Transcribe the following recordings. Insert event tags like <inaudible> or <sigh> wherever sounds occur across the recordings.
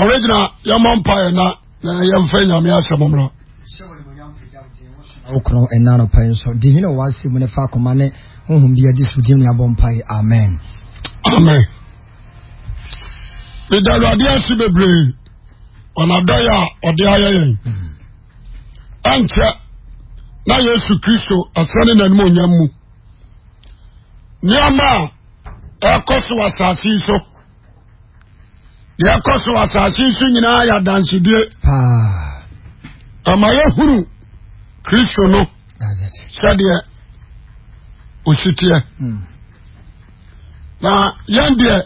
ɔregyina yɛmɔ mpaeɛ na yɛmfa nyame ahyɛ mɔmmra wokorɔ ɛna anɔpa yi nso de hene wɔ ase mu ne fa akoma ne honhom bi adi eh, so din ne abɔ mpae amen amen meda awurade ase bebree ɔnadɔyɛ a ɔde ayɛ yɛn ɛnkyɛ na yesu kristo asane n'anim onyam mu nneɛma eh, a ɛkɔ so wɔ asase yi so deɛ kɔ so asase nso nyinaa yɛ adansedie ah. ama yɛhunu kristo no sɛdeɛ ositeɛ hmm. na yɛn deɛ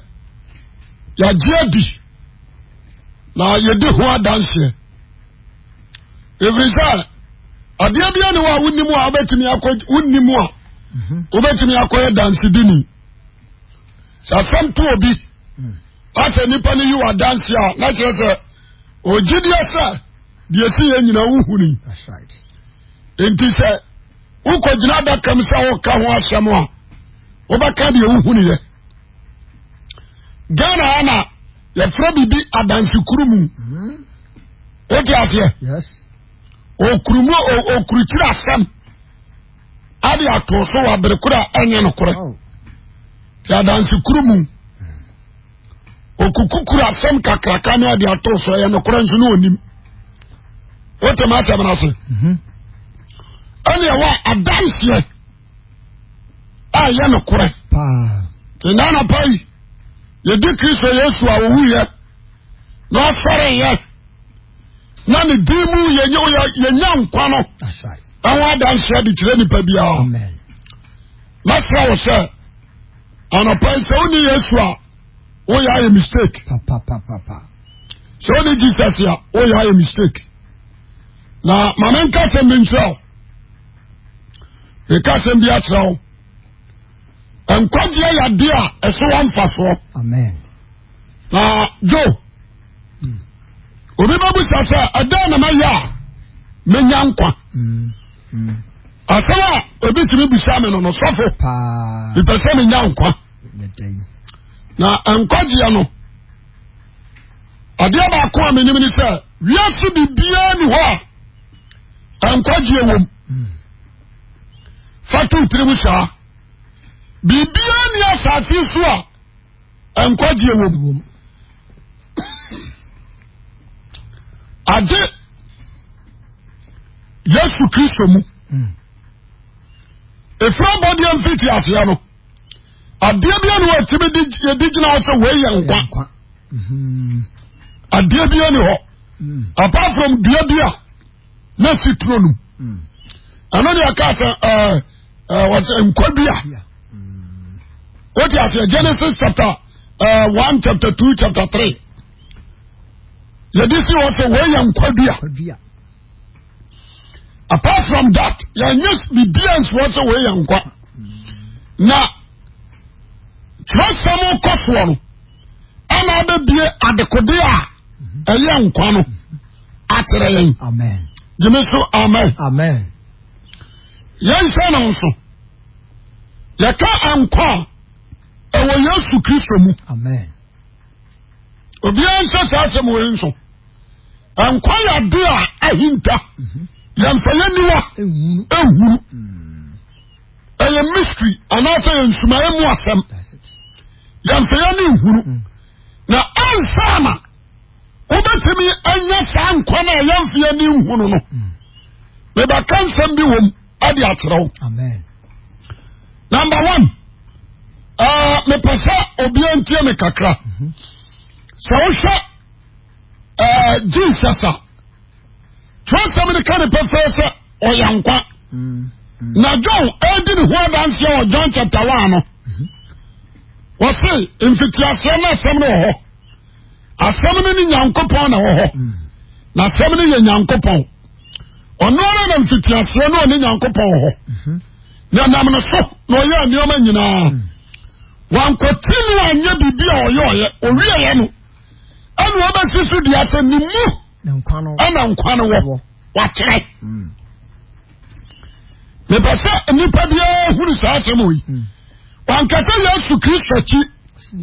yɛagye adi na yɛdi ho adanseɛ ɛfiri sɛ adeɛ bia ne wɔ a wonim a wobɛtumi akɔ wonim a mhm. wobɛtumi akɔyɛ dansedini sɛ asɛm to obi asɛ nipa no yi wa dansi a na kyerɛ sɛ ogyidie sɛ deɛ si yɛ nyinaa wuhuni nti sɛ wokɔ gyina adaka mu sɛ woka ho asɛm a wobɛka deɛ wuhuni yɛ ghana ana yɛfrɛ adansi kuru mu mm-hmm. wote aseɛ okurumu okurukyiri asɛm ade ato so wɔ abere korɔ a ɛnyɛ nokorɛ te oh. adansekuru mu okukukuru asɛm kakraka ne ade ato so ɛyɛ nokorɛ nso ne onim wotam asɛm no ase mhm. ɛne ɛwɔ adanseɛ a ɛyɛ nokorɛ ɛna anapa yi yɛdi kristo yesu a ɔwuyɛ na ɔsɔreyɛ na ne din mu yɛnya nkwa no ɛho adanseɛ de kyerɛ nnipa biara mɛsrɛ wo sɛ anapa yi sɛ wone yesu a o oh, yà ayé mistake. papapapapa. sọ so, ni jesus yà o yà ayé mistake. na maame nka sẹm bi nkyerɛ o nka e sẹm bi akyerɛ o nkwagyeɛ yɛ adi a ɛso wɔn mfa soɔ. amen. na jo hmm. obi bɛ busa sɛ ɛdɛn e na ma yɛ hmm. hmm. a menya nkwa. asɛm a obi tumi busa mi no no sɔfo. paa ìpèsè mi nya nkwa na nkwagyeɛ no adeɛ baako a menim ne sɛ wiase biribiaa ni hɔ a nkwagyeɛ wom fa to pirim saa biribiaa ni asase so a nkwagyeɛ wom agye yesu kristo mu ɛfiri hmm. abɔdeɛ mfiti aseɛ no adeɛ bia ne wɔatumi di gyina hɔ sɛ wei yɛ nkwa adeɛ bia ne hɔ mm. apart from dua bi a na si turo no mm. ɛno ne aka sɛ eh, eh, wɔsɛ nkwa bi a mm. wote aseɛ genesis chapter eh, one chapter two chapter three yɛde si hɔ sɛ wei yɛ nkwa bi a apart from that yɛnyɛ bibia nsoɔ sɛ wei yɛ nkwa na twerɛsɛm kɔfoɔ no ɛna abɛbie adekode a ɛyɛ nkwa no akyerɛ yɛn gyeme so amen yɛnhwɛ no nso yɛka nkwa ɛwɔ yesu kristo mu obiara nhyɛ saa asɛm wɔ yi nso nkwa yɛ ade a ahinta yɛmfa yɛniwa ɛhuru ɛyɛ mystery anaasɛ yɛ nsumaeɛ mu asɛm yɛmfɛ yɛ ne na ɛmfa wobɛtumi anya saa nkwa a yɛmfɛ yɛ ne no mm. mebɛka nsɛm bi wom ade akyerɛ wo number one uh, mepɛ sɛ obia ntie me kakra mm-hmm. sɛ wohwɛ uh, jesus a twerɛsɛm ka ne pɛfɛɛ sɛ mm. Mm. na john ɛdi ne ho adanseɛ wɔ john chapter 1 mm -hmm wɔsi mfitiaseɛ no asɛm no wɔ hɔ asɛm no ne nyankopɔn na wɔ hɔ hmm. na asɛm no yɛ nyankopɔn ɔno ara na mfitiaseɛ no ɔne nyankopɔn wɔ hɔ mhm. na nam no so na ɔyɛ nneɛma nyinaa hmm. wankɔti no anyɛ biribi a ɔyɛ ɔyɛ owieɛ no ɛna ɔbɛsi so deɛ asɛ ne mu ɛna nkwa no wɔ wakyerɛ hmm. mepɛ sɛ nnipa biara hunu saa asɛm yi wankasa yesu kristo akyi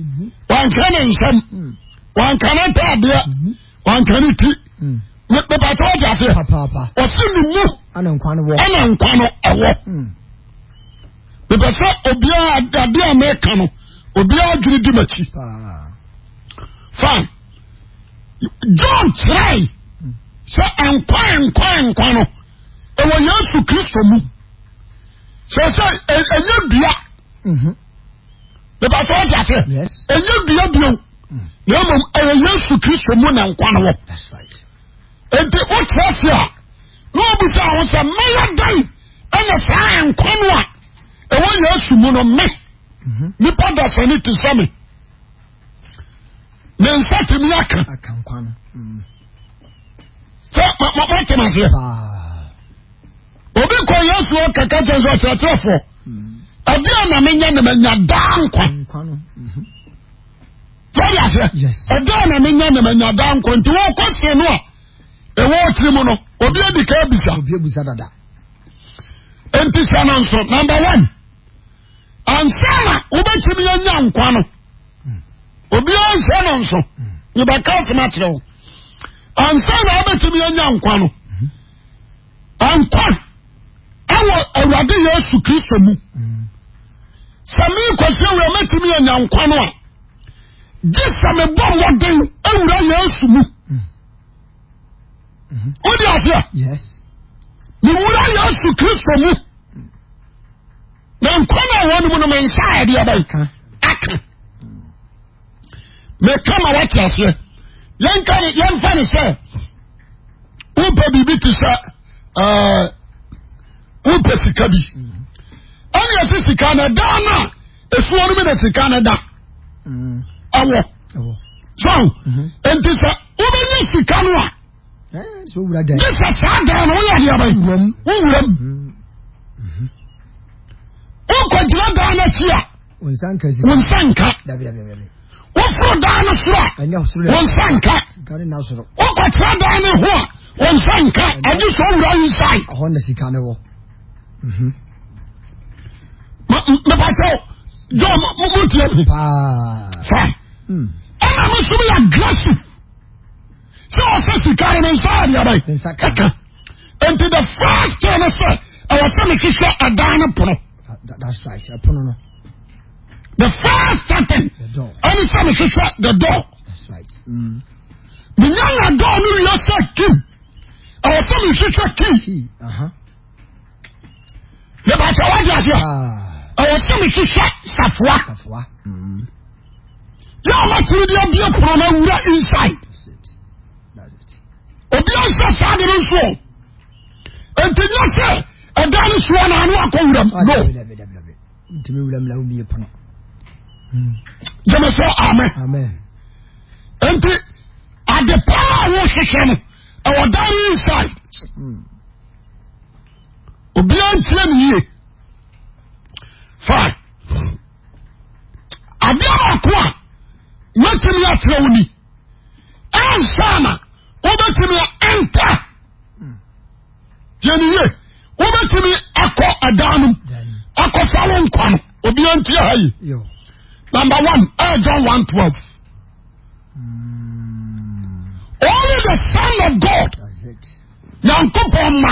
mhm. wanka ne nsɛm mm. wanka ne ntaadeɛ mhm. wanka ne ti mm. mepata wagye aseɛ ɔse ne mu ɛna nkwa no ɛwɔ mm. mepɛ sɛ obiaa adeɛ a meka no obiaa adwene di m'akyi fine john kyerɛe sɛ nkwa nkwa nkwa no ɛwɔ yesu kristo mu sɛ sɛ ɛnyɛ dua nípa tó ọjà sí ẹ ẹyẹ dùyẹ dùyẹ o yẹn mọ kristu mu nà nkwa wọ nti o tẹ ẹsẹ a ní o bisá àwọn sẹ mẹyà dáì ẹnna sáà nkwa mu a ẹwọ yẹsu nà mẹ mm-hmm. nípa dàsẹ ni ti sẹmi ne nsa ti mi aka sẹ mọ mọ tẹ ma se obi kọ yẹsu ọ kẹkẹ tẹ nsọ ọtí ọtí ọfọ. Adi ana menye nkwa. Mhm. Wọ́n yà fẹ́. nkwa nti wọ́n kọ́ sí inú a ẹ̀wọ́ mu nọ. obi Obi dada. na nso number one ansana wọ́bẹ̀tumi yẹn nkwa nọ. obi ansẹ́ na nso nyìbá káàsì má kyerẹ́ o ansana wọ́bẹ̀tumi yẹn nya nkwa no hmm. hmm. hmm. ankwa ẹwọ Awurade Kristo mu. sɛ me nkɔsi awura mɛtumi anya nkwa no a gye sɛ mebɔ mmɔden awura yesu mu wode aseɛ mewura yesu kristo mu na nkwa no a wɔ no mu no mensa adeɛ bɛn aka meka ma woate aseɛ yɛmfa ne sɛ wopɛ biribi te sɛ eh, wopɛ sika bi mm -hmm na si sika na da na efuo no mi na sika na da ɛwɔ so nti sɛ wobɛnya sika no a eh, gye sɛ saa dan no woyɛ adeɛ bɛn wowuram wokɔgyina dan no akyi a wo nsa nka woforo dan no soro a wo nsa nka wokɔtera dan no ho a wo nsa nka agye sɛ wowura inside mẹba sẹ jọ mo mo tiẹ mi sẹ ẹna mi sọ mi yà gílásì sẹ ọsẹ sika ni nsa àdìyàbẹ ẹka nti the first thing sẹ ẹwọ sẹ mi kí sẹ ẹdan ni pono. Ah, that's right ẹ pono no. the first thing ẹni sẹ mi kí the door. that's right. mi yàn yà door ni yẹ sẹ kim ẹwọ sẹ mi kí sẹ kim. mẹba sẹ wájú àti yà. ɛwɔ tumi hyehyɛ safoa yɛ ɔma tiri deɛ bie kuro no mm. awura inside mm. obi ɔnsɛ saa de no nsoɔ nti nyɛ sɛ ɛdan no soɔ na ano akɔ wura mu no gyeme sɛ amen nti ade paa a wohyehyɛ no ɛwɔ dan no inside obiara nkyerɛ no yie five adeɛ baako a mɛtumi akyerɛ wo ni ansana wobɛtumi ɛnta yɛni ye wobɛtumi akɔ ɛdan no akɔfa wo nkwa no obia nti ha yi number one ɛyɛ john one twelve hmm. only the son of god nyankopɔn ma.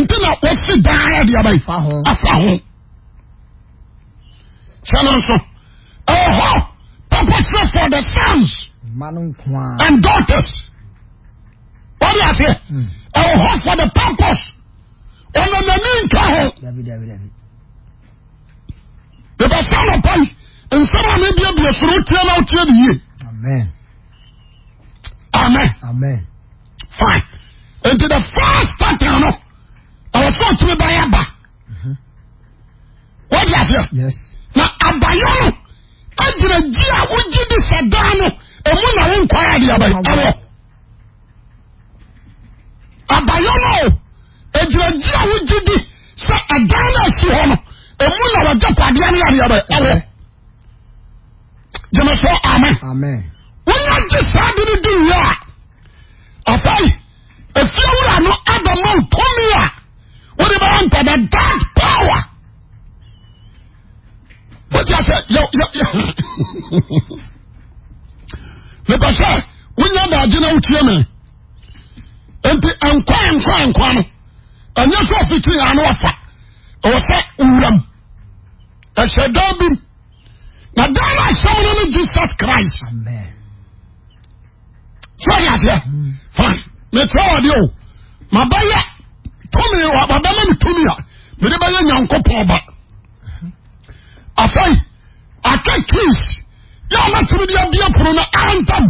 nti na wosi dan adi aba yi afa ho sani nso ɛwɔ purposeful for the sons and daughters wɔde aseɛ ɛwɔ hɔ for the purpose ɔnanani nka ho ebasa na pai nsɛm a ne bie soro tie na otie ne yie amen amen amen fine nti the first pattern no. ọ̀rọ̀fọ́ òtúmi bá yà bá mhm. wọ́n di àfihàn na àbáyọ agyina di a wọ́gye di sàdáà no èmu na wọ́n nkọ́ yà di àbáyọ àbáyọ no agyina di a wọ́gye di sẹ ẹ̀dán náà si hɔ no èmu na wọ́gye kwadeɛ no yà di àbáyọ jẹ́mi sọ amẹ́ wọ́n yà di sáàdì ni di wíyà àfẹ́ yìí efi ewúrẹ́ no abẹ́ mọ́ ntọ́mi yà. wọ́n bá ń tẹ̀lé dark power. wọ́n ti àfẹ́ yọ yọ yọ. nípasẹ̀ wọ́n yá dàájí náà wọ́n tiẹ̀ mẹ́. nti nkwa nkwa I no ɛnyɛ sɛ ɔfiti yɛn I afa ɛwɔ sɛ nwuram ɛhyɛ dan bi mu na dan no asɛm no ne jesus christ sɛ ɔyɛ adeɛ fine metrɛ wɔde o mabɛyɛ tumi wabɛma mi tumi a mede bɛyɛ nyankopɔn ba afei aka kis yɛ amatumi de abia pono no antam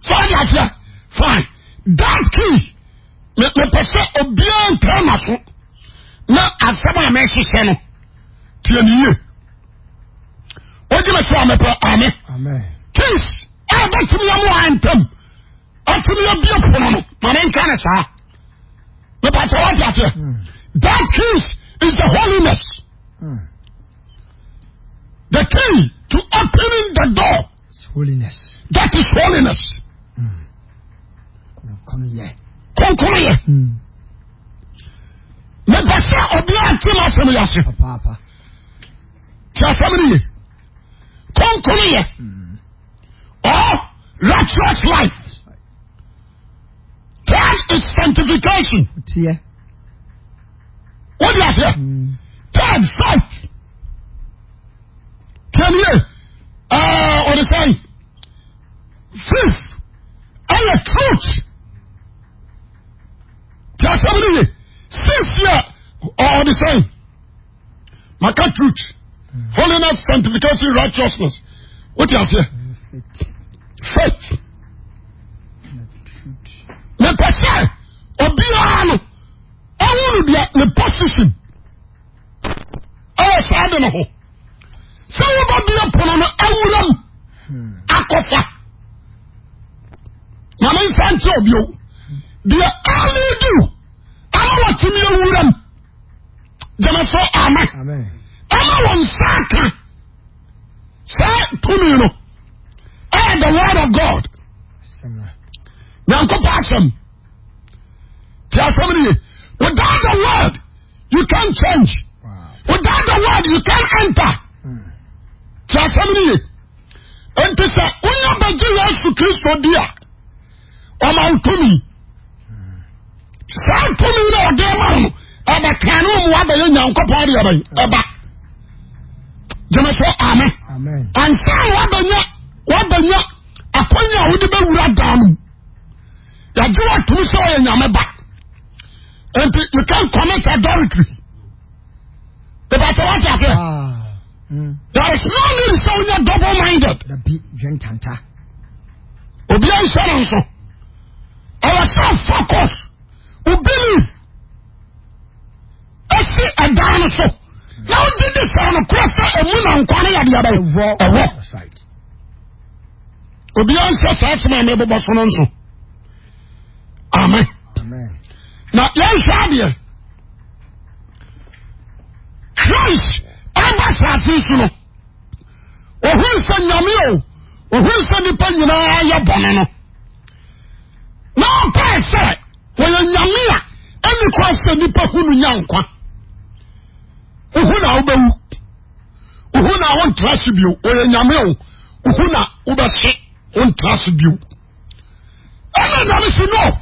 saa de aseɛ fine that key mepɛ sɛ obiaa ntaa na so na asɛm a mɛhyehyɛ no tie ne yie wogyina so a mepɛ ame kis ɛbɛtumi yɛ mo antam Atumi pono no. saa. Hmm. That is the holiness. Hmm. The to opening the door. That is holiness. Mm. Konkonye. Konkonye. Mm. Me pata obia atumi Ti Or righteous life. That is sanctification. Yeah. What do you have here? Third sight. Can you? Uh, what is that? Fifth. And uh, the truth. Tell somebody. Faith here. Or the same. Maka truth. Hmm. Holiness, sanctification, righteousness. What do you have here? Faith. Faith. mepɛ sɛ obiara no ɔhunu deɛ ne position ɛwɔ saa de no ho sɛ wobɛbie pono no awura mu akɔfa na me nsa nkyerɛ obio deɛ ɔne do ama watumi awura mu gyeme so amen ama wɔ nsa aka saa tumi no ɛyɛ the word of god nyankopɔn asɛm tí a sọ without the word you can change without the word you can enter tí a sọ mi nìyẹn nti sẹ onye abegye yesu kristo di a ọma ntumi hmm. saa ntumi na ọdẹ ẹma no ẹbẹ kan mu abẹyẹ nyankopɔ adi ẹbẹ ẹba jẹmẹsọ amẹ ansa wabẹnyẹ wabẹnyẹ akɔnyɛ a wọde bɛ wura dan mu yagye wa tum sɛ ɔyɛ nyame ba. And you can't commit adultery. The battle what you ah. hmm. There is no need to you are double minded. The big drink tanta. Obi an sharon so. Our self focus. Ubili. Esi adana so. Now did this on a question of women and Kwana Yabia. A walk. Obi an sharon so. Amen. Amen na yɛnhwɛ adeɛ christ ɔba saase so no ɔhu nsɛ nyame o ɔhu nsɛ nnipa nyinaa yɛ bɔne no na ɔpɛɛ sɛ wɔyɛ nyame a ɛne kɔ sɛ nnipa hu no nya nkwa wohu na wobɛwu wohu na wontra so bio ɔyɛ nyame o wohu na wobɛhye wontra so bio ɛna nyame so no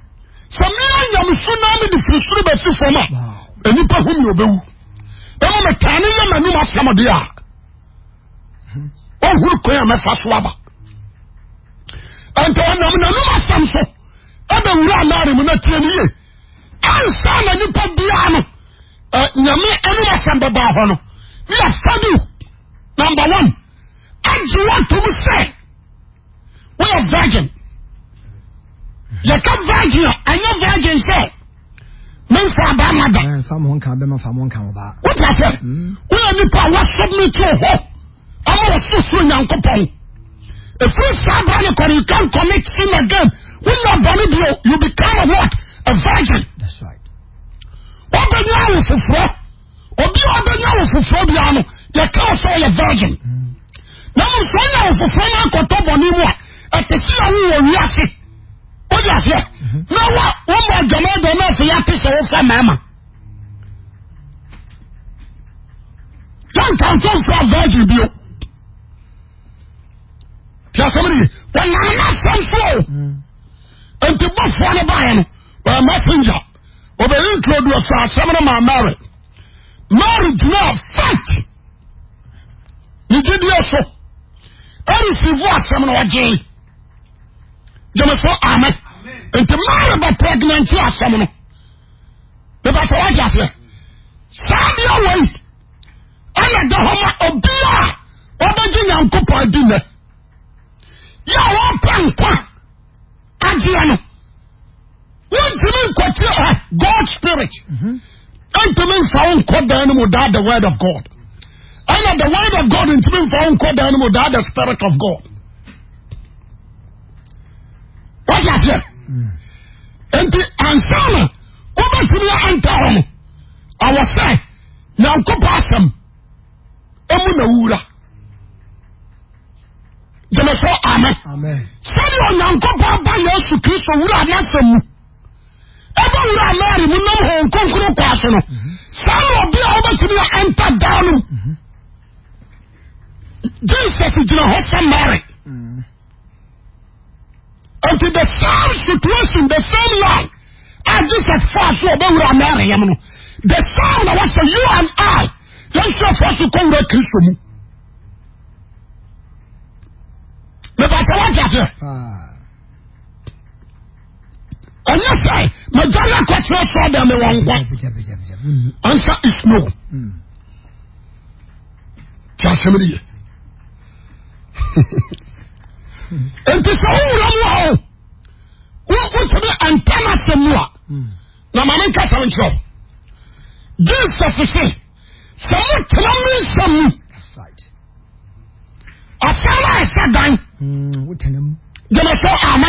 sɛ mea nyamso naa me de firi soro bɛsi fam a anipa ho mi ɔbɛwu ɛmu metaa ne hmm. yɛ m'anim asɛm de a ɔhuru kwan a mɛfa so aba ɛnta ɔnam n'anim asɛm so ɛbɛwura anaare mu na tie no ye ansa na nipa biara no nyame anim asɛm bɛbaa hɔ no yɛ fadu number one agye wo atom sɛ woyɛ virgin yɛka virgin ɛnyɛ virgin sɛ memfa abaama da wopɛ sɛ hmm? woyɛ nipa a wɔsɛme to hɔ ɔma wɔsorosoro nyankopɔn ɛfiri saa bra ne kɔre you can commit sin again wona bɔne bio you become what a virgin wobɛnya awo foforɔ obi a wobɛnya awo foforɔ biara no yɛka wo sɛ ɔyɛ virgin hmm. na mmom sɛ wonya awo foforɔ no akɔtɔ bɔne mu a ɛte sɛ na wiase o di ase na wa o mọ jọmọ dọ náà fi ya ti sẹ o fẹ mẹẹma yankan tó fẹ virgin bi o tí a sọ mi nìyí wọn na náà sẹm fún o nti bọ fún ọ báyìí no ọ yẹ messenger obìnrin introduce asẹm ní ma Mary Mary gyina fight ní jídìí so ẹrù fìfú asẹm ní wọ́n jẹ́ yìí jẹ́mi fún amẹ́. nti mmaa bɛ pregnant asɛm no bɛbɛ sɛ wagye aseɛ saa deɛ wei ɛna da hɔ ma obi a wabɛgye nyankopɔn adi nɛ yɛ a wɔpɛ nkwa agyeɛ no wontumi nkɔkyerɛ ɛ god spirit ɛntumi mhm. mfa wo nkɔ dan no mu daa the word of god ɛna the word of god ntumi mfa wo nkɔ dan no mu daa the spirit of god wagye aseɛ nti ansana wobɛtumi anta hɔ no awɔ sɛ nyankopɔ asɛm ɛmu na wura gyeme so amen sɛdeɛ onyankopɔ aba yesu kristo wura ne asɛm mu ɛbɛ wura mary mu nam hɔ nkonkoro kɔ ase no saa na ɔbea wobɛtumi anta daa no jesus gyina hɔ sɛ mary Until the same situation, the same lie, I just at fast, so they will marry him. The same that was for you and I, that's us just first to come back me. The Batalajah. And you say, Madonna Quatra saw the one. Mm. Answer is no. Mm. Just <laughs> nti sɛ wowura mu hɔ wotumi antam asɛm mu a hmm. na ma menka sɛm nkyerɛ jesus se sɛ motena me nsɛm mu asɛm a ɛsɛ dan hmm, gyama sɛ ama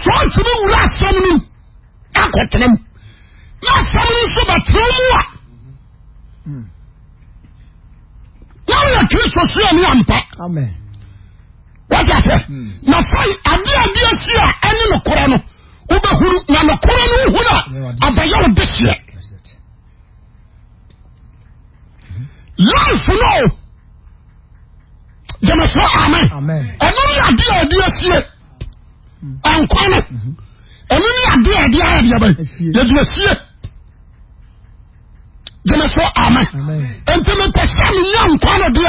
sɛ wotumi wura asɛm no akɔtena mu na asɛm no nso bɛtena mu a hmm. na woyɛ kristo soa ne ampa amen wọ́n ti àṣẹ. na fayi adi adi esi a ẹni nìkúrẹ́ no wọ́n bẹ huru na nìkúrẹ́ no hu na abayáwó bẹ seẹ. Life náà jẹmẹsọ amen ẹnu ni adi adi esi yẹ ẹnkwan hmm. no ni adi adi ayẹ diẹ bẹyẹ yẹ di esi yẹ jẹmẹsọ amen ntẹmẹtẹ sẹmi yẹ nkwan no di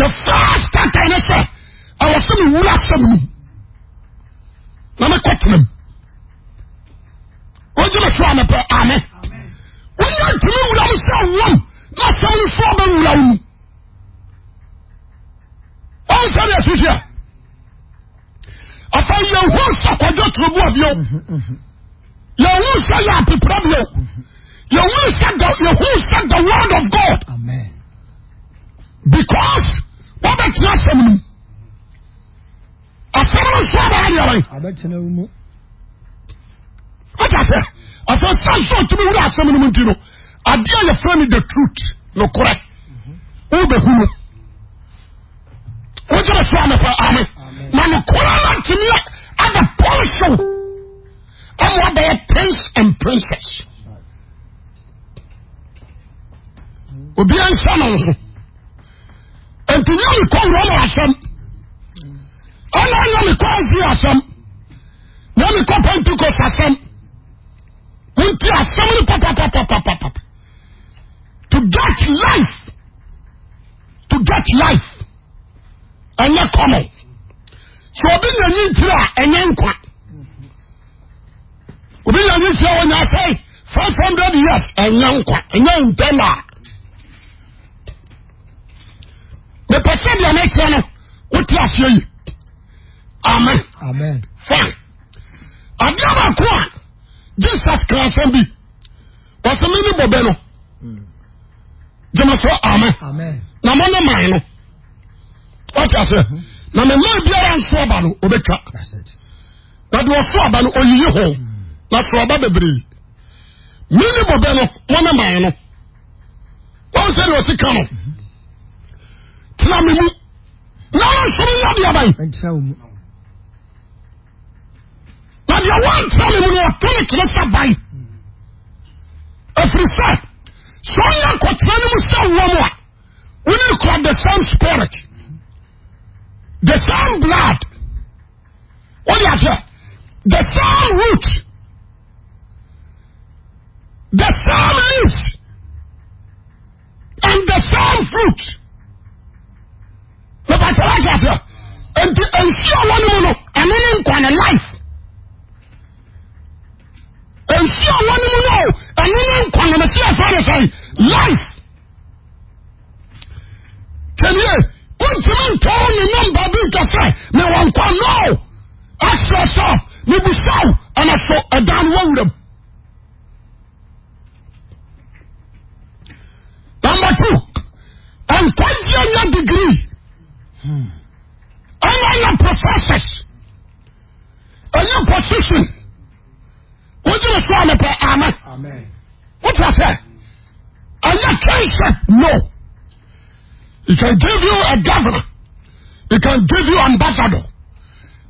the first time ẹni sẹ ɛwɔ sɛ mi wura asɛm mu na mi kɔ tena mu wɔn gyina so a mepɛ ame wɔn yɛ ntumi wura mu sɛ wɔm na asɛm no so ɔbɛ wura mu wɔn nsa de asisi a afa yɛn ho nsa kɔjɔ turo bu ɔbio yɛn ho nsa yɛ apepra bio yɛn ho nsa da yɛn ho nsa da word of God Amen. because wɔn bɛ tena asɛm asọmọ nsọ bá yà rẹ. abẹ́tẹ̀nà ọmọ. ọjà sẹ ọsẹ sáńsọ tìmí wúlò asọmọ nínú ti nù adé ayẹ fún mi the truth nìkúrẹ ó bẹ hu mu wọ́n jẹ́ fún àmì fún àmì na nìkúrẹ náà tìmí ada pọ́lìṣọ̀ ọmọ abẹ́yẹ prince and princess mm-hmm. obi à ń sọ náà nso ntìnyẹ́ nìkọ́ wúlò ọmọ asẹ́mu. ọ̀nà ọ̀nà mi kọ́ ọ̀sìn asẹ́m na mi kọ́ pentikos asẹ́m nti asẹ́m ni papapapapapa to get life to get life ẹ̀yẹ kọ́mọ̀ sọ obi na ẹni ntiri a ẹ̀yẹ nkwa obi na ẹni ntiri a wọ́n yà sẹ́yìn five hundred years ẹ̀yẹ nkwa ẹ̀yẹ ntẹ́lá mẹpẹ sẹ́bi ẹ̀ n'ekyirẹ́ no wọ́n ti aṣọ amen. amen. fine. adi a baako a jesus christ bi wasami ni bọbẹ no hmm. jẹma sọ amen. na mo ne maa yi no wọ́n ti ase hmm. na mi maa biara nso ọba no o bẹ twa na deɛ ɔso aba no oyiyi hɔ hmm. na so aba bebree mi ni bọbẹ no mo ne maa yi no wọ́n sẹ de o si ka no tena mi mu na wọn sọ mi yá di aba yi na deɛ wɔnkyerɛ ne mu no ɔto ne kyerɛ sɛ ban ɛfiri sɛ sɛ ɔnya kɔtena no mu sɛ wɔ mu a wone kura the same spirit the same blood wode aseɛ the same root the same leaves and the same fruit mepakyerɛ akyerɛ sɛ nti nsi a wɔ no mu no ɛno ne nkwa ne life nsi a wɔn mu no ɛno ne nkwa na ti afa ne sɛ life kyɛnye kuntumi ntɔɔ ne nɔmba bi nkɛsɛ na wɔn nkwa no asɛ sɛ ne busaw ɛna so ɛdan wɔ wuram. Number two, nkwagye nya degree ɛna hmm. na professors ɛna position. wogyina sɛ ne pɛ ama wotra sɛ ɛnyɛ concept no He can give you a governor He can give you ambassador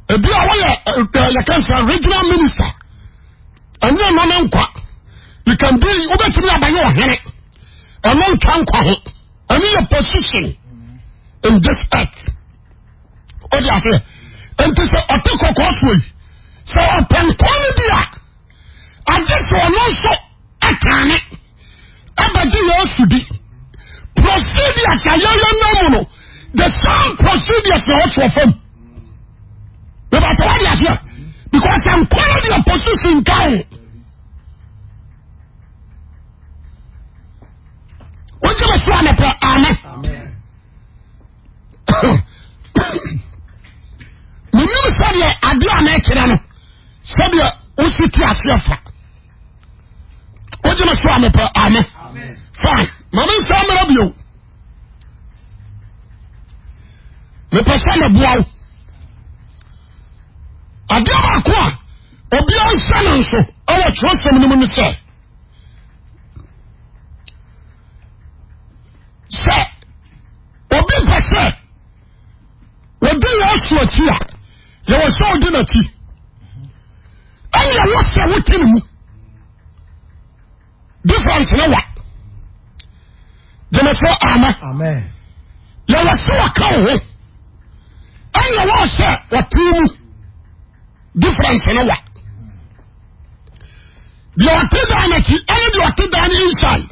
ebi a wɔyɛ yɛka sɛ regional minister ɛnyɛ no ne nkwa you can be wobɛtumi abayɛ ɔhene ɛno ntwa nkwa ho ɛno yɛ position in this earth wode aseɛ enti sɛ ɔte kɔkɔɔ soɔ yi sɛ ɔpɛnkɔɔ no bi a agye sɛ ɔno nso ɛkaane ɛbɛgye yɛ asudi procedures a yɛyɛ no mu no the same procedures na ɔtoɔ fam bɛba sɛ wode aseɛ because ɛnkɔ no deɛ position ka wo wogye me so anɔpɛ ame menim sɛdeɛ adeɛ a na ɛkyerɛ no sɛdeɛ wosi te aseɛ fa wọ́n so amepẹ ame fine maame nsa amara bi o mepẹ sẹ na bua o adeɛ baako a obi ansa ne nso ɛwɔ twerɛsɛm no mu ne sɛ sɛ obi pɛ sɛ wɔde yɛ aso akyi a yɛwɔ sɛ wode n'akyi ɛne ɛwɔ sɛ wote ne mu difference ne wa jẹmẹtọ amẹ yẹwọ sẹ wọka wo ẹnna wọn sẹ wọtí mu difference ne wa deɛ ɔte dan n'akyi ɛne deɛ ɔte dan ne inside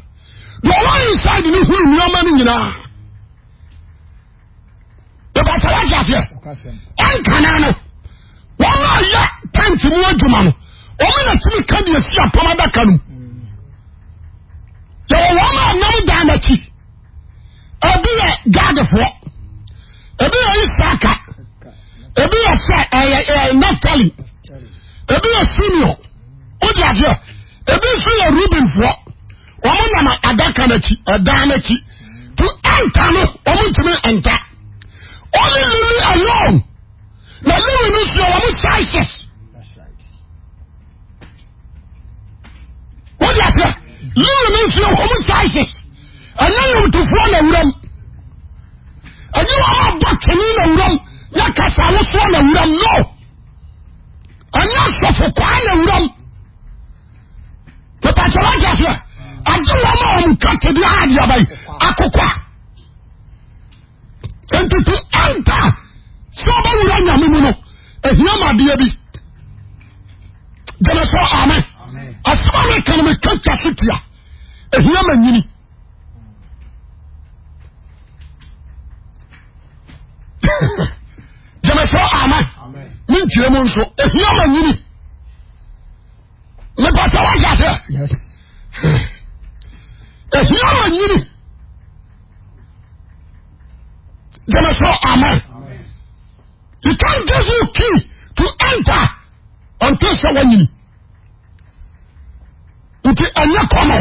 deɛ ɔwɔ inside ne huru nneɛma no nyinaa ìbáfẹ́ wájú àfẹ́ ẹnkanna no wọn náà yẹ tẹ́ǹtì mu adwuma no wọn náà tìmí ká di esi apamọ́ adaka no mu yɛwɔ wɔn a nam dan n'akyi ebi yɛ gaadifoɔ ebi yɛ isaaka ebi yɛ sɛ ɛyɛ ɛyɛ naftali ebi yɛ senior ɔdi aseɛ ebi nso yɛ rubenfoɔ wɔn nam adaka n'akyi ɛdan n'akyi to ɛnta no wɔn ntumi ɛnta ɔne lili alone na lili no so wɔn sizes ɔdi aseɛ yíyan ní nsúlẹ̀ wọ́n mu taxes ẹ̀yẹ́ yòòtúfọ́ na wúrọ̀ ẹ̀yẹ́ wọn máa kìíní na wúrọ̀ mu yẹ kasa awosoro na nọ ẹ̀yẹ́ asọ̀fọ̀ kwaa na wúrọ̀ mu pípa tí wọ́n kẹ́ fẹ́ àti wọn máa wọn kà akókó a ntutu ẹ̀ntà sọ ọba wúrọ̀ nyàmú mu nọ ẹ̀hìn àmàdíyẹ bi jẹ́nẹ̀fọ́ amẹ́ asọ́mọ́ kàn mí kẹ́kẹ́ fìtìyà ehia ma nyini jẹmẹsọ ama mi nkyerɛ mu nso ehia ma nyini mepata wa yasẹ ehia ma nyini jẹmẹsọ ama you can't give you key to enter until sẹ wọn nyini nti ɛnyɛ kɔnɔ.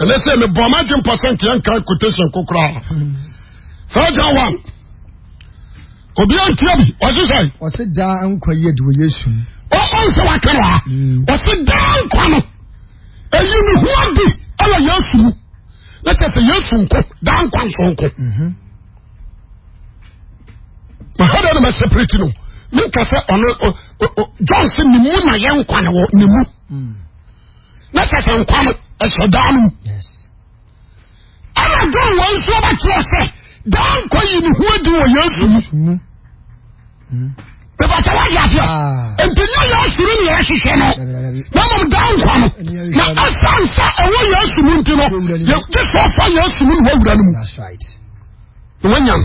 ɛnɛ sɛ mebɔ magye mpɔsɛnke yɛnka quotation kokoraa saa gya one obia ntia bi ɔse sɛ ɔse daa nkwa yi adi wɔ yesu ɔnsɛ waka no a mm. ɔse daa nkwa no ɛyi ne ho adi ɛwɔ yesu mu na kyɛ sɛ yesu nko daa nkwa nso nko mhm. mahada no mɛsɛprɛti no menka sɛ ɔno john sɛ ne mu na yɛ nkwa ne wɔ ne mu mm. na kyɛ sɛ nkwa no ɛsɛ daa no ɛna john wɔn nso ɔbɛkyerɛ sɛ daa nkɔ yi ne ho adi wɔ yesu mu bɛbàtà wáyé àfẹ mpanyinwa yẹn asuru ni yẹn hyehyẹ no na mọ dan nkwa no na asansa ɛwɔ yẹn asuru nti no yẹn ti sọ fa yẹn asuru ni wọwura no mu wọn yàn.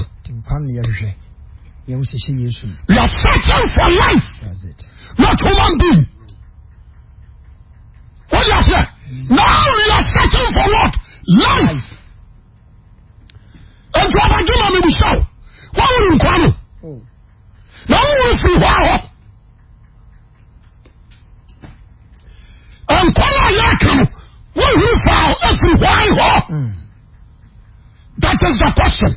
You are searching for life, not human being. Wọ́n you say? Now we are searching for what? Life. Ẹ̀dùn abájú hmm. náà mi bù sọ́ọ̀, wọ́n wù nǹkan nù. Na wọ́n wù fi họ́ àwọ̀. Nǹkan náà yẹ kàn wọ́n wù fà ọ́ ẹ̀fì họ́ àìhọ́. Hmm. That is the question.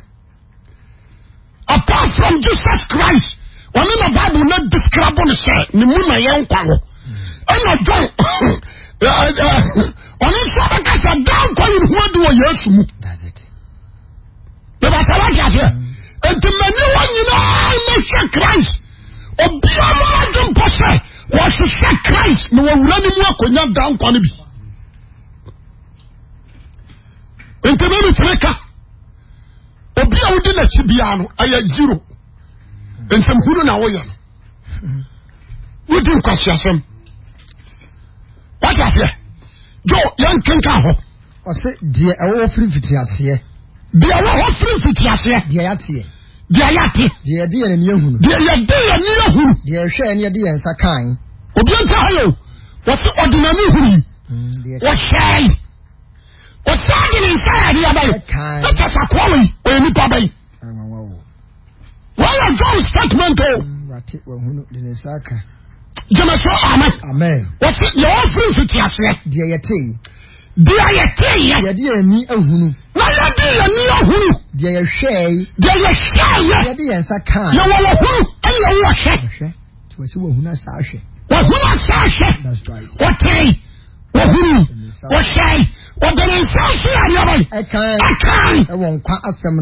Apart from Jesus Christ, wọ́n in the Bible not describe ní sẹ́, ni mú hmm. na yẹ nkwa wọ̀. Ẹ̀nà John ɔno nso bɛkasa daa nkɔ yiri ho adi wɔ yesu mu bɛbata wate aseɛ nti mani wɔ nyinaa mɛhwɛ christ obiara mu adi mpɔ sɛ wɔhyehyɛ christ na wɔwura ne mu akɔnya daa nkɔ no bi nti ne ne tene ka obi a wodi n'akyi biara no ɛyɛ zero nsɛmhunu na woyɛ no wodi nkwaseasɛm wájú àfẹ́ jo yẹn kankan hɔ. ɔsɛ diɛ ɛwɔ hɔ firi fiti aseɛ. diɛ ɛwɔ hɔ firi fiti aseɛ. diɛ yà tiɛ. diɛ yà ti. diɛ yɛ di yɛn ni yɛ hunu. diɛ yɛ di yɛn ni yɛ hunu. diɛ ɛhwɛ yɛn ni yɛ di yɛn nsa kan. obi n ta ha yɛ o wɔsi ɔdinani huru yi wɔhyɛ yi wɔsi adi ni nsa yɛ di yaba yi ɛkyɛ sakɔɔ yi o yɛ nipa bɛ yi. wɔn yɛ john statement o. Mm, jẹmẹsọ amen wọsi yẹ wọn fún nsu ti aseɛ. diẹ yẹ tẹ yìí. diẹ yẹ tẹ yẹ. yẹ di yẹ ni ehunu. na yẹ di yẹ ni ehunu. diẹ yẹ hwẹ yìí. diẹ yẹ hwẹ yẹ. yẹ di yẹ nsa kan. yẹ wọ wọ hunu ɛyẹ wọ hwɛ. hwɛ tí wọ́n si wọ hunu asa ahwɛ. wọ hunu asa ahwɛ. wọ tẹ yìí wọ hunu wọ hwɛ yìí wọ dẹrẹ nsa si ayaba yìí. ɛkan ɛkan. ɛwɔ no ho. wɔ nkwa asɛm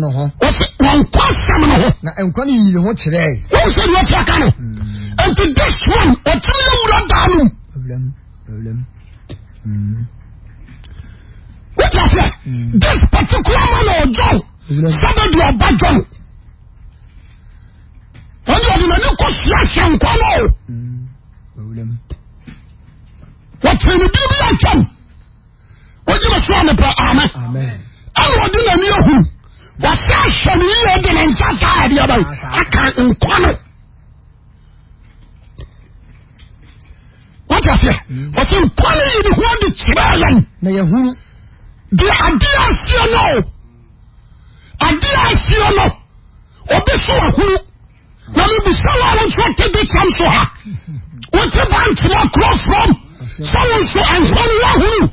no ho. na nkwa ni yiri ho kyerɛ yìí. wọ́n sọ ni wọ́n ti aka no nti this one ɔtumi awura daa no mu wọ́n fẹ́ this particular man ọ̀ john sábẹ́dù ọba john wọ́n yọ ọdún ẹni kò sí àṣẹ nǹkan náà hmm. wọ́n tẹ̀ ní bí bí àjọm wọ́n jẹ́ bẹ́ẹ̀ sọ́ọ́ nípa amẹ́ ẹni ọdún ẹni ehun wọ́n fẹ́ àṣẹ ní yíyọ ọdún ẹ̀ ń sá sáà ẹ̀dí ẹ̀ báyìí wọ́n fẹ́ ọ̀sẹ̀ nkọ́ni yìí ni wọ́n di kyerẹ́ yẹn. na yẹ huru. di adi aseɛ náà adi aseɛ náà obi sọ wà huru na mi bi sáwọn àwọn tí wọ́n ti di tam so ha wọ́n ti bá ntoma kúrò fúrọ́m sáwọn so àǹfààní wà huru.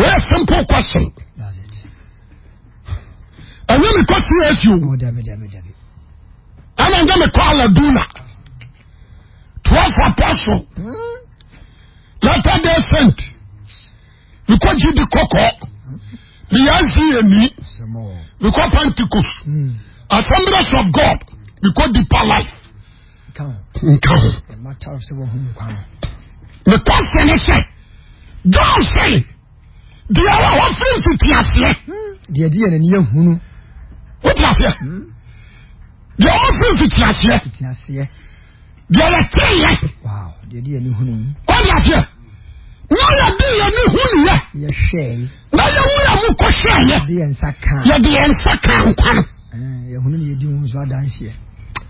Very mm. simple question. Ẹ̀yẹ́ mi kọ́ sí ẹ̀sìn o ana nye me aladuna twelve apostle latter day saint mekɔ gyi di kɔkɔɔ meyɛ nsi ani mekɔ pentecost hmm. assemblies of god mekɔ deeper life nka ho mekɔ se ne sɛ john sɛ deɛ wɔ hɔ firi mfitiaseɛ deɛ deɛ nani ahunu wotiaseɛ deɛ ɔfiri fiti aseɛ deɛ yɛteeyɛ ɔde aseɛ na yɛde yɛne hunuyɛ na yɛwura mu kɔhwɛɛyɛ yɛde yɛ nsa kaa nkwa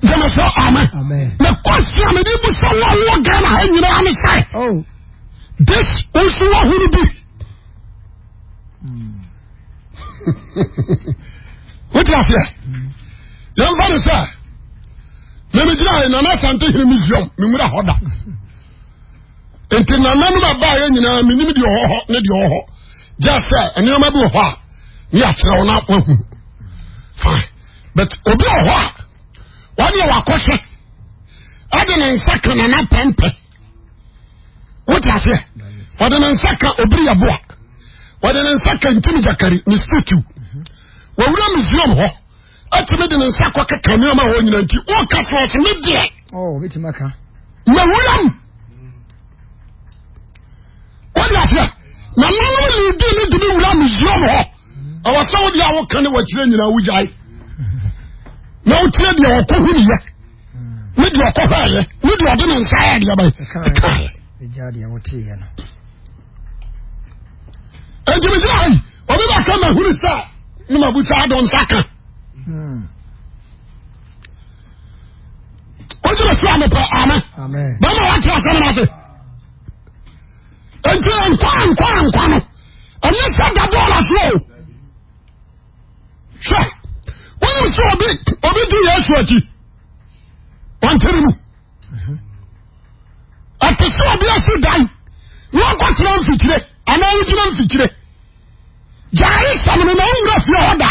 no gyeme sɛ amen mekɔse a mede bu sɛ wɔwɔ ghana ha nyinaa ne sɛ oh. this nso wahoro bi hmm. <laughs> wotiaseɛ hmm yẹn fa ne sẹ mímu gyina yẹn nana asante hiri mi ziom mi nwura hɔ da nti nana no ba ba yɛ nyinaa mi nim deɛ ɔwɔ hɔ ne deɛ ɔwɔ hɔ gya sɛ nneɛma bi wɔ hɔ a ne akyerɛ wɔn na wahu fine but obi wɔ hɔ a wani yɛ wakɔhwɛ ɔde ne nsa ka nana pɛmpɛ wotu aseɛ ɔde ne nsa ka obiri yɛ boa ɔde ne nsa ka ntumi jakari ne statue wɔwura mi ziom hɔ ɛtumi de ne nsa kɔ keka nneɛma hɔ nyina nti woka sɛ ɔso ne deɛ oh, na woyam wode aseɛ na nanom leedi no de bi wura museum hɔ ɛwɔ sɛ wode a woka ne wakyerɛ nyinaa wogyae na wokyerɛ deɛ ɔkɔ huniyɛ ne deɛ ɔkɔ hɔɛyɛ ne deɛ ɔde ne nsa yɛ deɛ bɛyɛ ɛnti mesɛ ai ɔbɛbɛka mahuru sɛ ne mabusaa dɔ nsa ka o jira fi ame pɛ ame bɛma wa ti asɛm na se enti nkwa nkwa nkwa no ɛnyɛ sɛ da bɔɔla soɔ o hwɛ wonim sɛ obi obi di yesu akyi ɔntere mu ɛte sɛ obi asi dan na ɔkɔkyerɛ mfikyire anaa wogyina mfikyire gyaare sɛmene na wowura fie hɔ da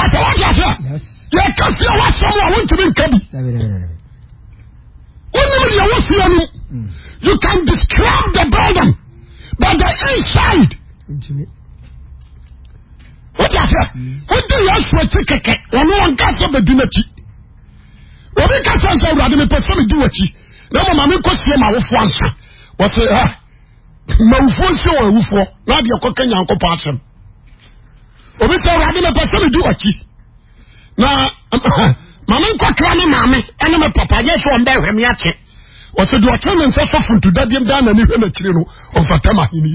papa wọ́n ti àfẹ́ yẹ ká fi ọwọ́ sọmọ àwọn ntumi nkà bi wọ́n ní ìyẹn fi ẹnu hmm. you can describe the building but the inside wọ́n ti àfẹ́ wọ́n di ìyẹn sọ ẹkí kẹ̀kẹ́ wọ́n ní wọ́n gásọ̀ bẹ̀ di n'ekyi wọ́n bí kásọ̀ nsọ ìwúrọ̀ àdìmí pẹ̀sẹ̀ mi di wọ̀kyi náà mo maame nkọ́ sèé ma awofo ansa wọ́n sẹ́ ẹ́ mawufo nsé wọ̀ ewufo náà adìyẹ kọ́ kẹ́nyà nkọ́ pọ̀ asẹ́mu obi sɛ awurade mepɛ sɛ medi wakyi na <laughs> maame nkɔkra ne maame ɛne me papa nyɛ sɛ ɔmbɛhwɛ me akye ɔsɛ deɛ ɔkyerɛ ne nsɛ sɔfo ntodadeɛm daa na ne hwɛ n'akyiri no ɔmfatam ahenni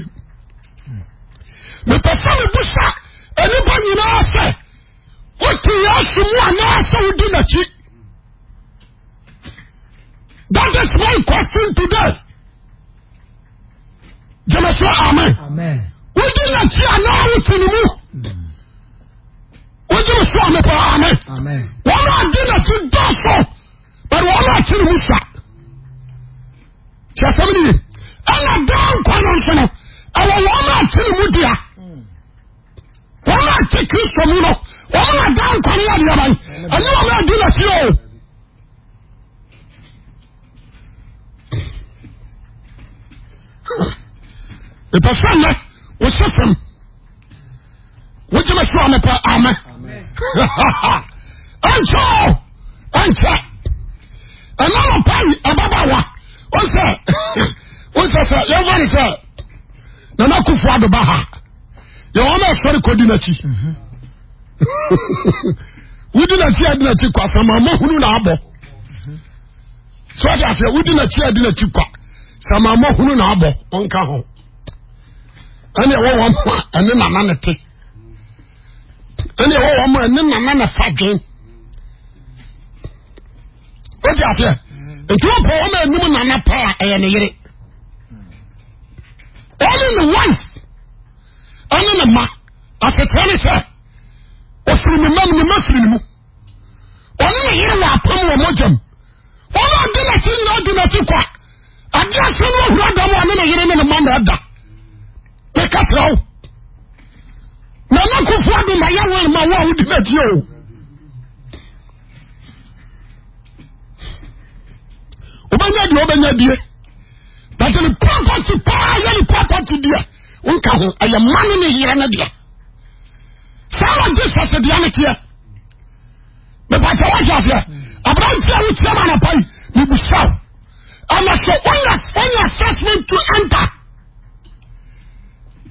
mepɛ sɛ mebu sa anipa nyinaa sɛ wote yɛ aso mu anaasɛ wodi n'akyi that is my question today gyeme so amen wodi n'akyi anaa wote ne mu mm wogyere so ame paa me wɔn a di na ti dɔɔso bɛrɛ wɔn a kyere mu sa kyerɛ sɛm niye ɛna daa nkwa no nso no ɛwɔ wɔn a kyere mu dua wɔn a kye kristo mu no wɔn a daa nkwa no yɛ adeɛ ban ɛne wɔn a di na ti o. Ipasɛ nnɛ, wohyɛ fam, wogyina so ame paa ame ɛnkyɛ ɛnkyɛ ɛna no pari ababaawa ɔsɛ ɔsɛ sɛ yɛmfa no sɛ nana kofo ado ba ha yɛwɔ no ɛsɔre kɔdi n'akyi wodi n'akyi adi n'akyi kɔ asama amahunu na abɔ so ɔde aseɛ wodi n'akyi adi n'akyi kɔ asama amahunu na abɔ ɔnka ho ɛne ɛwɔ wɔn ho a ɛne nana ne te ɛne ɛwɔ wɔn mu ɛne nana na fa dwen o ti aseɛ etu o pɔ wɔn a anim nana A ɛyɛ ne yere ɔne ne wife ɛne ne ma asetere ne sɛ ofiri ne mam ne ma firi ne mu ɔne ne yere wɔ apam wɔ mogyam wɔn a adi n'akyi na adi n'akyi kwa adi ase no ohura dam ɔne ne yere ne ne ma na ɛda ne kakyɛw na na kufu adi ma ya wa ma wa udi na tiyo obanya di obanya die but ni property paa ya ni property die nka ho ɛyɛ mma ne ne yere ne deɛ saa wa jesus deɛ ne teɛ mepatɛ wɔhyɛ aseɛ aberanteɛ wo teɛ ma anapa yi mebusaw ɛna sɛ wonya wonya assessment to enter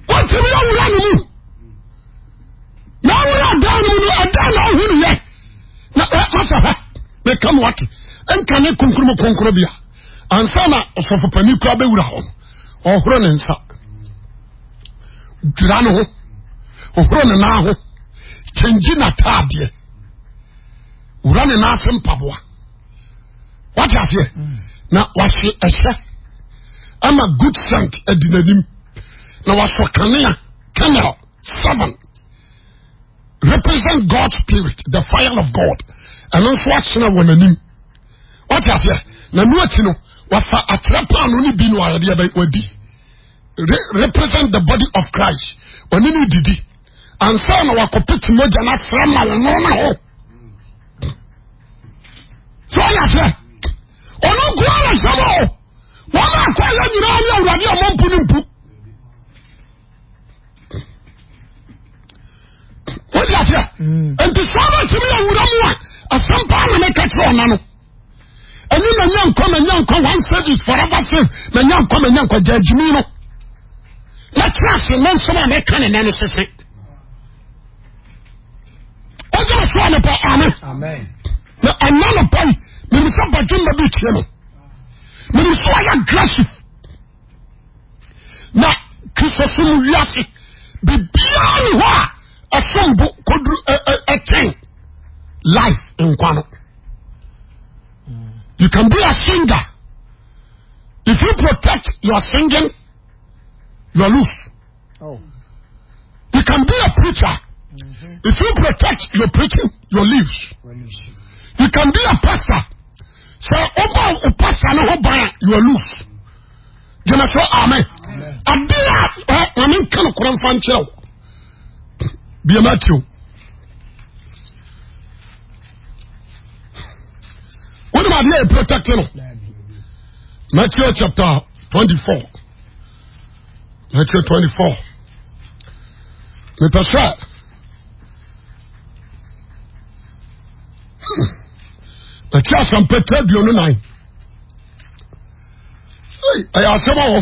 wotumi awura ne mu na awura dan mu no ɛdan na ɔhuru yɛ na ɛmasa hɛ na ɛka mu wate ɛnka ne konkuruma konkura bia ansa na ɔsɔfopani kura bɛwura hɔ no ɔhoro ne nsa dura ne ho ɔhoro ne nan ho kyɛngyi n'ataadeɛ wura ne nan ase mpaboa wate aseɛ na wahye ɛhyɛ ama good scent adi n'anim na wasɔ kanea kanel seven represent God's spirit, the fire of God. And also what's in our name. What have you? Now, what you know, what for a trap on only been where the other would be. Represent the body of Christ. When you did it, and some of our copet moja not from my normal. So, I have you. Oh, no, go on, so. One, I call you, you know, you're ready, I'm on Punimpu. ti aseɛ mm. nti saa na tumi awura mu a asɛm paa na meka kyerɛ ɔna no ɛni nya nkɔ na nya nkɔ one service forever save na nya nkɔ mẹ nya nkɔ gya adwumi no na kyerɛ ase na nsɛm a meka ne nan no sese ɔgya so a nipa ame na ɛna no pa yi mene sɛ badwo mma tie no mene sɛ ɔyɛ aggressive na kristosom wiase bibiaa ne hɔ a ɛfombo koduru ɛtwɛn e, e, e, life nkwa no you can be a singer if you protect your singing you are loose oh. you can be a preacher mm -hmm. if you protect your preaching you lose well, you can be a pastor sɛ ɔba o pastor ne ho ban you are loose gyina so amen adeɛ a ɔne nka no korɔ mfa nkyerɛ wo bia matthew wọnú ma adé protect hmm. no matthew chapter twenty four matthew twenty four mipasẹ matthew asampete aduonu nan ẹ yà asẹm ọwọ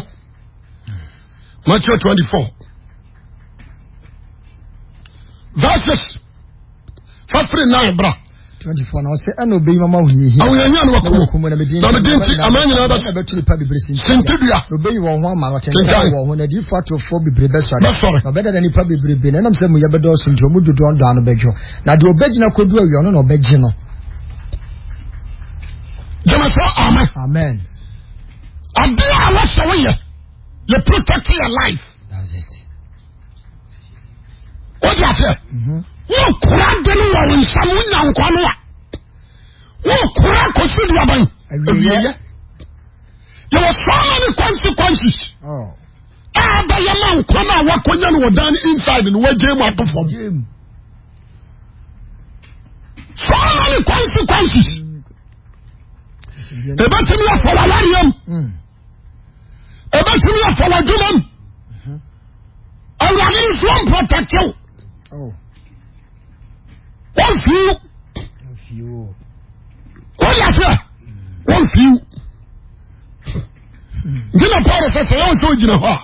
matthew twenty four verses fafiri nine bra. twenty four na ɔsɛ ɛna obeyi mama ahunyehia. ahunyehia na wakumo na bɛ di nti aman nyinaa bɛ bɛ tu nipa bebree sinti. sinti bia obeyi wɔn ho ama ɔkyɛnkyɛn wɔn ho na di ifo atorofoɔ bebree bɛ sɔre. bɛ sɔre na ɔbɛ dada nipa bebree bɛ na ɛnam sɛ mu yɛ bɛ dɔɔso nti ɔmu dodoɔ do ano bɛ dwo na deɛ ɔbɛ gyina kodu awia ɔno na ɔbɛ gye no. jamasɔ amen. amen. adeɛ a wɔsɛ wɔyɛ yɛ protect your life. that's it wọ́n ti àfẹ́ wọ́n kura dẹnu wọ̀ wọ́n nsàm wọ́n nyà nkọ́ ni kura kò sí di ọba yìí ewìyẹ yẹ wọ so many consequences ẹ abẹ́yẹ máa nkọ́ náà wọ́n kọ́ nyẹ́ ni wọ́n dání inside ni wọ́n jẹ́ mu àtọ́ fọ́m so many consequences ebe mm-hmm. tí mi yà fọwọ́ awárí yẹn mu mm. ebe tí mi yà fọwọ́ adwuma mu awurade nsuo mpọtọ kyẹw wọ́n fi wú wọ́n yà fẹ́ wọ́n fi wú nti na paul sɛ sɛ yɛwo sɛ wogyina hɔ a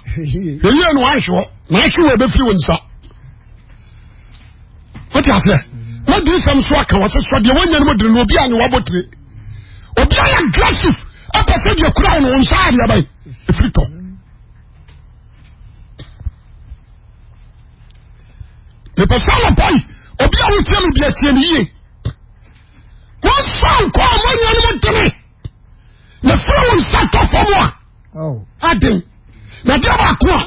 ɛyie no wahwe hɔ naahwe wɔ bɛfiri wo nsa wote aseɛ wodiri sɛm so aka wɔ sɛ sɔ deɛ woanya no mu dene no obi a ne wabɔ tire obi ayɛ aggressive apɛ sɛ deɛ kura wo no wo nsa adeɛ bae ɛfiri tɔ mepɛ sɛ anɔpa yi obi a wotia no bi atie no yie wɔmfa nkɔ a mɔnua no mu dene na fira wo nsa tɔ fam a oh. aden na deɛ baako a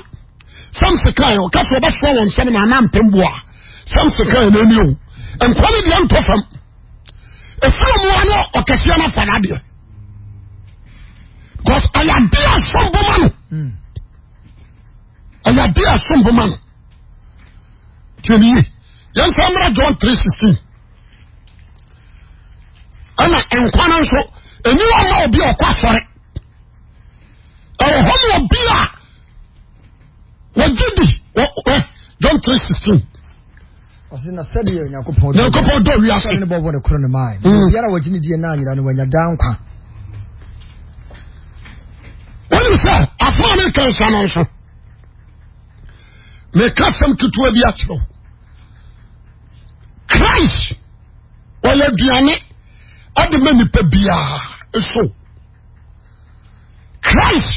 sam sekae ɔka sɛ wɔbɛsoa wɔ nsɛm na ana mpɛm bo a sam sekae n'ani o nkwa no deɛ ntɔ fam ɛfiri mu a no ɔkɛseɛ no afa n'adeɛ because ɛyɛ adeɛ asom boma no ɛyɛ hmm. adeɛ asom boma no tiɛniye yɛn nsa mmerɛ john three sixteen ɛna nkwa no nso ɛni wɔn ma obi ɔkɔ asɔre ɛwɔ hɔ ma obi a wɔgye di wɔ john three sixteen. ɔsi na sɛdeɛ nyankopɔn nyankopɔn dɔ wiase sɛdeɛ ne bɔ bɔ ne koro ne maa yi mm. obiara wɔ gyini die naa nyina no wɔnya dan kwa. wɔn sɛ afɔ ne kansa no nso mɛ kasɛm ketewa bi akyerɛw. Christ ɔyɛ aduane ɔde ma nipa biara eso Christ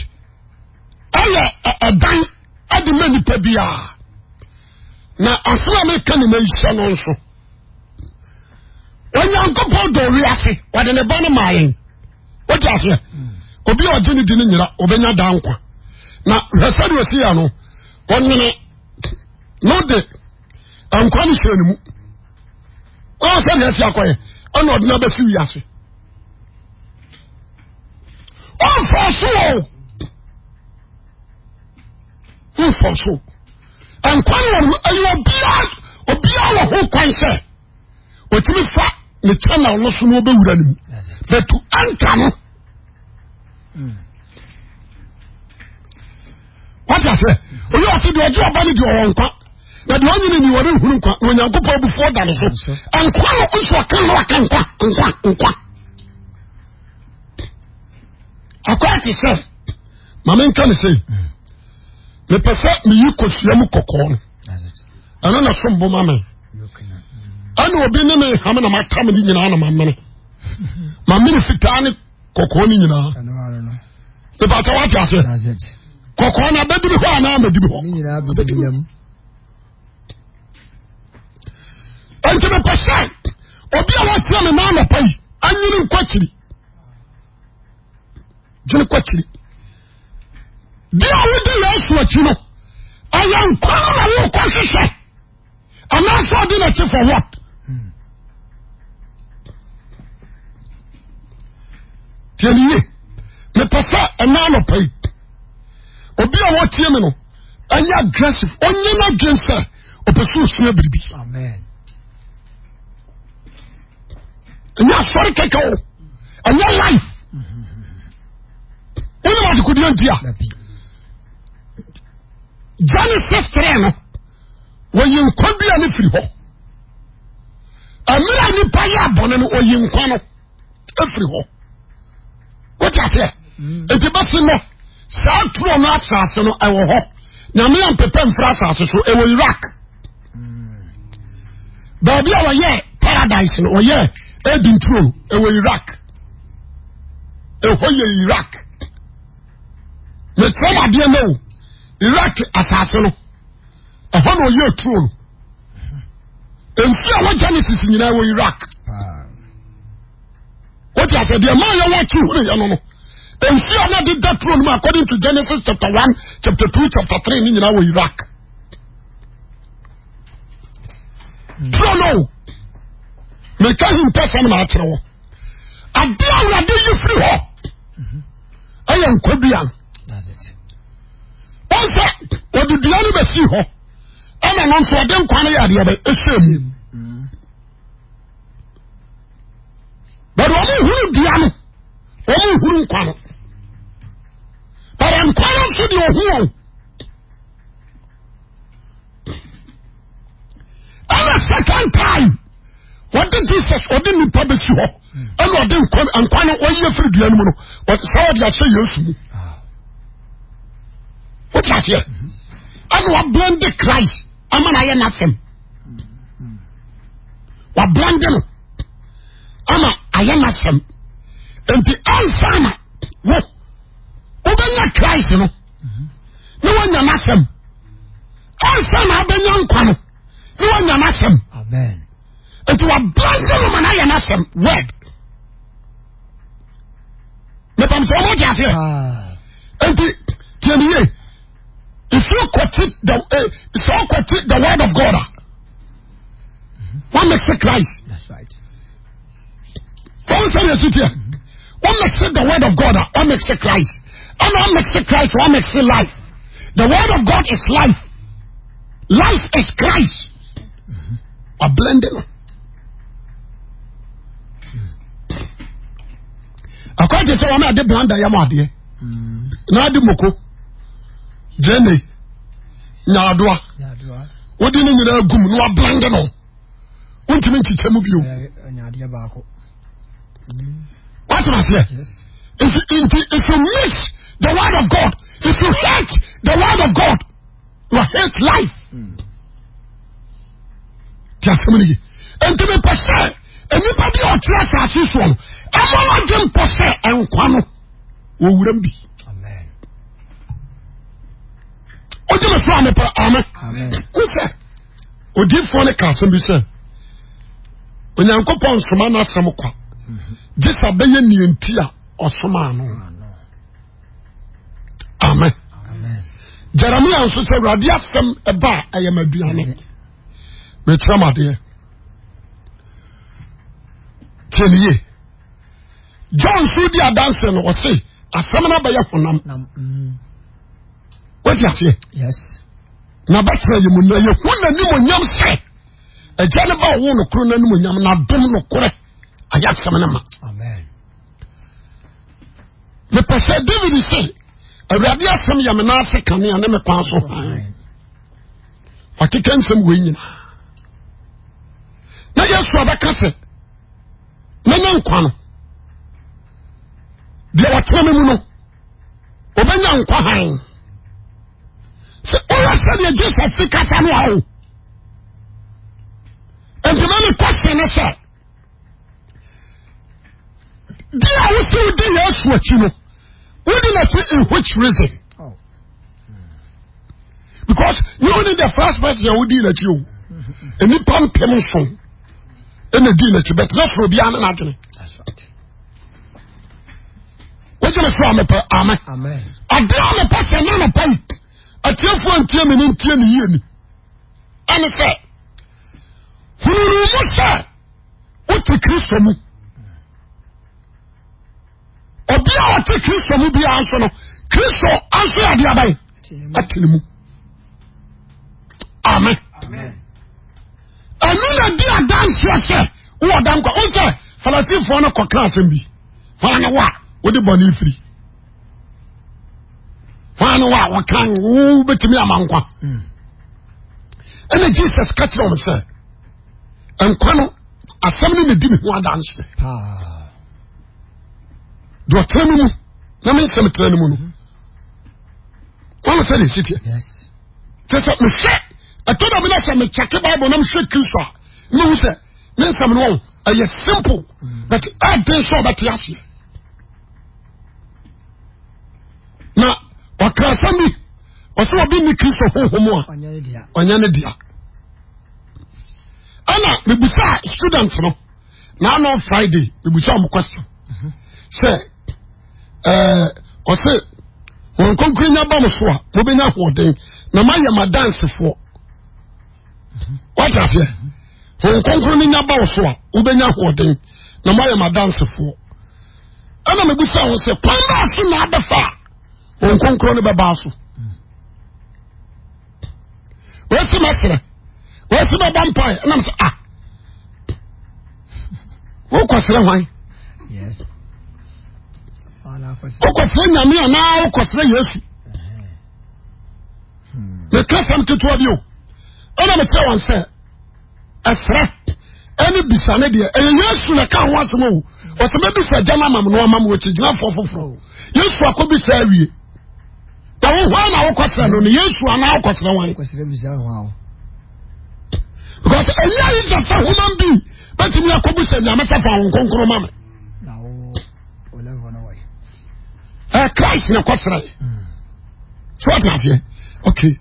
ɔyɛ ɛdan ɔde ma nipa biara na ahorow a meka ne ma nhyia no nso onyankopɔn dɔ wiase wɔde ne ba no maa yɛn wɔte aseɛ obi a ɔgye ne di no nyina ɔbɛnya daa nkwa na hwɛ sɛdeɛ ɔsi yɛ no ɔnwene na ɔde nkwa no hyɛ ne mu ɔsɛ ne asi akɔyɛ ɛna ɔde na bɛsi wiase ɔmfa so o mfa so nkwan wɔ no ɛyɛ obiara obiara wɔ ho kwan sɛ otumi fa ne channel no so na ɔbɛwura ne mu but to enter no wata sɛ oyɛ ɔte deɛ ɔgye ɔba ne deɛ ɔwɔ nkwa but wọn nyina ni wọn ehuru nkwa wọn nyanko pa ebufu ọda ne so nkwa no nso ọka na ọka nkwa nkwa nkwa akwa ti sẹ maame nka ne sẹ mepɛ sɛ meyi kosua mu kɔkɔɔ no ɛno na so mboma me ɛne obi ne me hame na ma matam ne nyinaa na ma mamene mamene fitaa ne kɔkɔɔ no nyinaa mepɛ sɛ woate aseɛ kɔkɔɔ no abɛduru hɔ anaa madibi hɔ nti mepɛ sɛ obi a wakyerɛ me naanɔpa yi anyini nkwakyiri gyene kwakyiri deɛ a wode yesu akyi no ɛyɛ nkwa no na worekɔ hwehwɛ anaasɛ ɔde n'akyi for what tiɛniye mepɛ sɛ ɛnaanɔpa yi obi a wɔtie me no ɛnyɛ aggressive ɔnyɛ no adwen sɛ ɔpɛ sɛ osua biribi ɛnyɛ asɔre kɛkɛ o ɛnyɛ life wọ́n yẹ wà dìkú díẹ̀ ntí a jọ́ni fẹ́sẹ̀rẹ̀ no wòye nkwa bi a ne firi hɔ ɛmira nipa yɛ abɔne no wòye nkwa no efiri hɔ wòtí aseɛ eti bɛsi no saa turo no asase no ɛwɔ hɔ nyame yɛ mpepɛ nfura asase so ɛwɔ Iraq baabi a wɔyɛ paradise no wɔyɛ edi nturo ewe iraq eho yɛ iraq mekyerɛ mu adeɛ no o iraq asase no ɛhɔ na ɔyɛ turo no nsu a wɔgya ne sisi nyinaa wɔ iraq wote asɛ deɛ maa yɛ wɔkye hunuyɛ no no nsu a na de da turo no mu according to genesis chapter one chapter two chapter three ne nyinaa wɔ iraq hmm. turo no o meka him pɛsɛm na akyerɛ wo adeɛ awurade yi firi hɔ ɛyɛ nkɔduan wọn sɛ wɔde dua no bɛsi hɔ ɛna no nso ɔde nkwa no yɛ adeɛ bɛ ɛhyɛ mu bɛde wɔn huru dua no wɔn huru nkwa no bɛde nkwa no nso deɛ ɔhu wɔn ɛna second time wɔde jesus ɔde nipa bɛsi hɔ ɛna ɔde nkwa no ɔyɛ firi dua no mu no saa ɔde ahyɛ yesu mu wote aseɛ ɛna wablende christ ama no ayɛ n'asɛm wablende no ama ayɛ n'asɛm nti ɛnsa na wo wobɛnya christ no na woanya n'asɛm ɛnsa na abɛnya nkwa no na woanya n'asɛm amen nti wabrante no ma no ayɛ no asɛm word mepam sɛ ɔmo gye aseɛ ah. nti if you kɔti the uh, eh, sɛ ɔkɔti the word of God a wɔmɛse Christ wɔn sɛ yɛsi tiɛ wɔmɛse the word of God a wɔmɛse Christ ɛna wɔmɛse Christ wɔmɛse life the word of God is life life is Christ mm-hmm. A no. akwai te sɛ wɔn a de blanda yɛ mu adeɛ mm. na adi moko gyene nyaadoa wodi ne nyinaa gum na wa blanda no wontumi nkyikyɛ mu bio wate maseɛ nti if you mix the word of God if you hate the word of God you hate life. Mm. Tí a sẹ́mi nìyí. Ntumi pẹ̀sẹ̀ enipa bi ɔtí asase soɔ no ɛmɔ ɔdze mpɔ sɛ nkwa no owura mu bi ɔdze mi fún amepɛ ame kusɛ odiifoɔ ne ka asɛm bi sɛ onyankopɔ nsoma n'asɛm kwa mhm. gyesa bɛyɛ nienti a ɔsoma ano amen jeremia nso sɛ awurade asɛm ɛba a ɛyɛ m'aduane mekyerɛ mu tiẹniyẹ john sún di adansi no ọsẹ asẹm náà bẹyẹ fúnam wọ́n ti àṣeyẹ na bá tẹ̀lé yẹ mu nà yẹ hu nà nimu nyam sẹ ẹ̀jẹ̀ ni bá òun nìkúrò nà nimu nyam nà dùn nìkúrẹ́ ayé asẹm náà ma mipasẹ david sẹ awurade asẹm yẹ mi náà sẹ kanea ne mi kwan so wà kíkẹ́ nsẹm wọ̀ nyina na yẹ sọ abẹ́ka sẹ mɛnya nkwa no deɛ wɔtena me mu no ɔbɛnya nkwa han sɛ ɔyɛ sɛdeɛ jesus fi kasa no a o ntoma ne kɔse ne sɛ deɛ a wosɛ wodi yesu akyi no wodi n'akyi in which reason oh. because you only the first person a wodi n'akyi o mm-hmm. nipa mpem nson ɛna di n'akyi bɛtɛ n'aforo bi ano n'adwene wogyere so amepɛ ame ade amepɛ sɛ ne na pɛn atiefoɔ ntie me ne ntie ne yie ni ɛne sɛ hunuru mu sɛ wote kristo mu obi a ɔte kristo mu biara nso no kristo anso yɛ adeɛ abɛn ɛte ne mu amen. amen. amen ɛnu na di adanseɛ sɛ wowɔ dan kɔ nsɛ falasifoɔ no kɔkra asɛm bi hwan ne wo a wode bɔne firi hwan ne wo a wɔkan wo bɛtumi ama nkwa hmm. ɛna jesus ka kyerɛ wɔn sɛ nkwa no asɛm no na di ne ho adanseɛ deɛ ɔtena no mu na me nsɛm tena no mu no hmm. wɔn sɛ ne si teɛ kyɛ sɛ mesɛ ɛtɔ dɛm na sɛ mekyɛke bible na mhwɛ kristo a mehu sɛ ne nsɛm no wɔwo ɛyɛ simple mm. but aden sɛ ɔbɛte aseɛ na ɔka sɛ mi ɔsɛ wɔbi ne kristo honhom a ɔnyɛ ne dia. ɛna mebusaa student no na ana friday mebusaa mo question mhm. sɛ ɔse wɔn nkonkuru nya ba mo so a mobɛnya ahoɔden na moayɛ ma dansefoɔ wata aseɛ hɔn kɔnkɔn ni nya ba wɔ so a Nya ahoɔden na mo ayɛ ma dansefoɔ ɛna mo bisa wɔn sɛ kwan baa so na abɛfa hɔn kɔnkɔn ni bɛba so wɔsi ma serɛ wɔsi ma ba mpae ɛna mo sɛ a ah. wɔkɔ serɛ hwan wɔkɔ serɛ nyame anaa wɔkɔ serɛ yesu mɛ kasa mi ketewa bi o ɛna mekyerɛ wɔn sɛ ɛfrɛ ɛne bisa ne deɛ ɛyɛ yesu na ka ho asɛm o ɔsɛ mɛbisa gya no ama m na ɔma m wɔkyi gyinafoɔ foforɔ yesu akɔ bisa awie na wo hɔ na wokɔsrɛ no no yesu anaa wokɔsrɛ wan because ɛnyɛ ayisa sɛ homan bi bɛtumi akɔ bisa nyame sɛ fa wo nkonkoro ma me ɛɛ christ na kɔsrɛ mm. sɛ wɔte aseɛ okay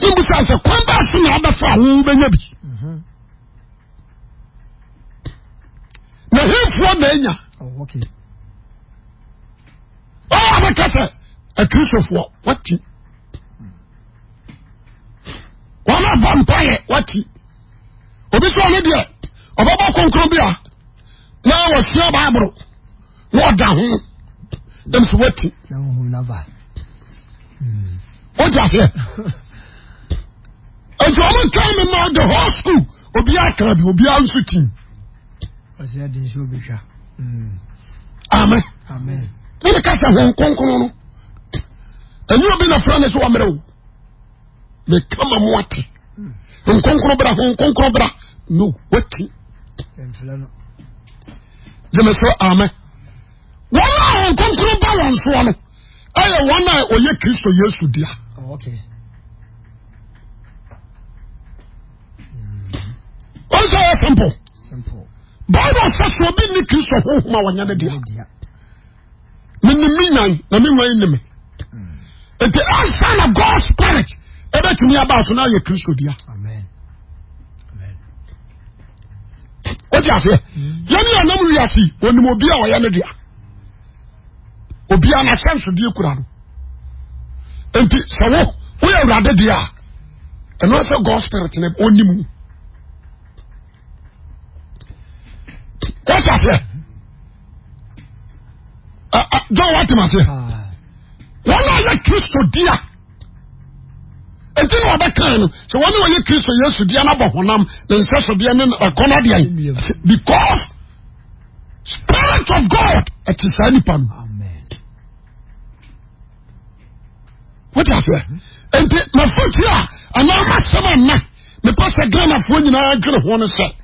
níbi sá sẹ kwan bá sí na abẹ́fọ́ àwọn bẹ́yẹ bi mhm. na hínfọ́ bẹ́ẹ̀nya ọ̀ abẹ́kẹ́sẹ̀ ẹ̀kírísọ̀fọ́ wọ́tí wọ́n náà bá mpa yẹ wọ́tí obi sọ ọ́nà díẹ̀ ọ̀bọ̀bọ̀ kọ̀ọ̀kan bíà náà wọ́n sí ọba àbúrò wọ́n da ho dẹ́mi sọ wọ́tí ó jà fẹ́. If you want to tell me the whole school, Obi Akra, Obi Ansuti. Ọsẹ ẹ di obi twa. Hmm. Amen. Amen. Níbi kásá wọn kónkón no, ẹni obi na fúlàní sọ wà mẹrẹ o, lè kama mu ati. Nkónkón bra, nkónkón bra, no, wọ́tí. Jẹ́mi sọ amen. Wọ́n náà nkónkón bá wọn sọ ọ́ ẹ yẹ wọ́n náà oyè Kristo Yesu díà. Oh, okay. wọn sọ yẹ simple báwo ọsẹ sọ obi ní kristu ọhúnhùn àwọn yẹn díẹ mímí mi yàn na mi wọ́n yín ni mi ètò ẹ̀sán na God spirit ẹ bẹ́ẹ̀ tún ní abá aṣọ náà yẹ kristu díẹ. o ti àfẹ́ yẹn ní ọ̀nà mu yà sí onímọ̀ obi a ọ̀yẹ́ ni na sẹ́ǹsì díẹ kura no nti sẹ́wọ́ wọ́n yẹ wúradé díẹ a spirit ni ó ní wọ́n sà fẹ́ jọ wọ́n ti ma se wọ́n náà yẹ kristo díà ètí ni wọ́n bẹ kàn yín no sọ wọ́n ní wọ́n yẹ kristo yẹsu díà náà bọ̀ hùnàm ní nsẹ́sọ díà ní ẹ̀kọ́nà díà yìí because spirit of God ẹ̀ ti sá nípa nù. wọ́n ti àfẹ́ ẹ̀ ntí mẹ́fọ́ tí a àná ọmọ sẹ́mọ̀ nná mẹ́pàṣẹ gánà fún nyinaa gírí hún sẹ́ẹ̀.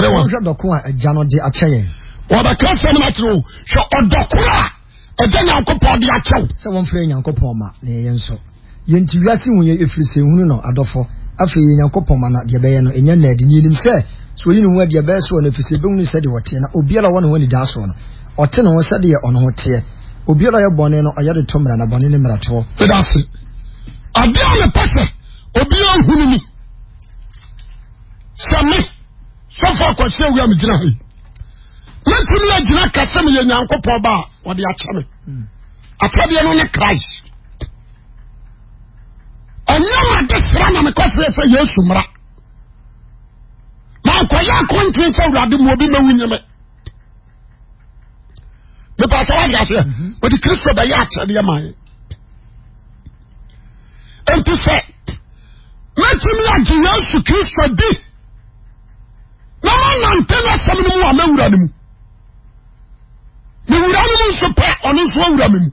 kyerɛ wɔn. wɔn hwɛ dɔko a ɛgya no de akyɛ yɛn. wɔbɛka fɛn mu akyerɛ o hwɛ ɔdɔko a ɛgya nyankopɔn de akyɛw. sɛ wɔn fɛn nyankopɔn ma na ɛyɛ nso yɛn ti wiase hu yɛ efiri sɛ ehunu no adɔfo afei yɛ nyankopɔn ma na deɛ bɛyɛ no ɛnyɛ na ɛde yɛnim sɛ so oyi ne ho adeɛ bɛyɛ so wɔ no efiri sɛ deɛ wɔteɛ na obiara wɔ ne ho anida so no ɔte ne ho sɛ deɛ ɔno ho na bɔnne ne mmerɛ toɔ. ɛda ne pɛ sɛ obiara hunu mi sọfọ akwasi ewia mi gyina hɔ yi mẹtumi yɛ gyina kasa mi yɛ nyanko pɔ ba a wɔde akyɛ hmm. no ne christ ɛnyɛn ade sira na mi kɔsɛ sɛ yesu mra maa nkɔyɛ akɔntiri sɛ wulade mu obi mewu nyɛ mi nipa sɛ wadi hmm. aseɛ wɔde kristu bɛyɛ akyɛdeɛ maa yɛ nti sɛ mẹtumi yɛ gye yesu kristu bi na manante no asɛm no mu a mawura no mu mewura no mu nso pɛ ɔno nso awura me mu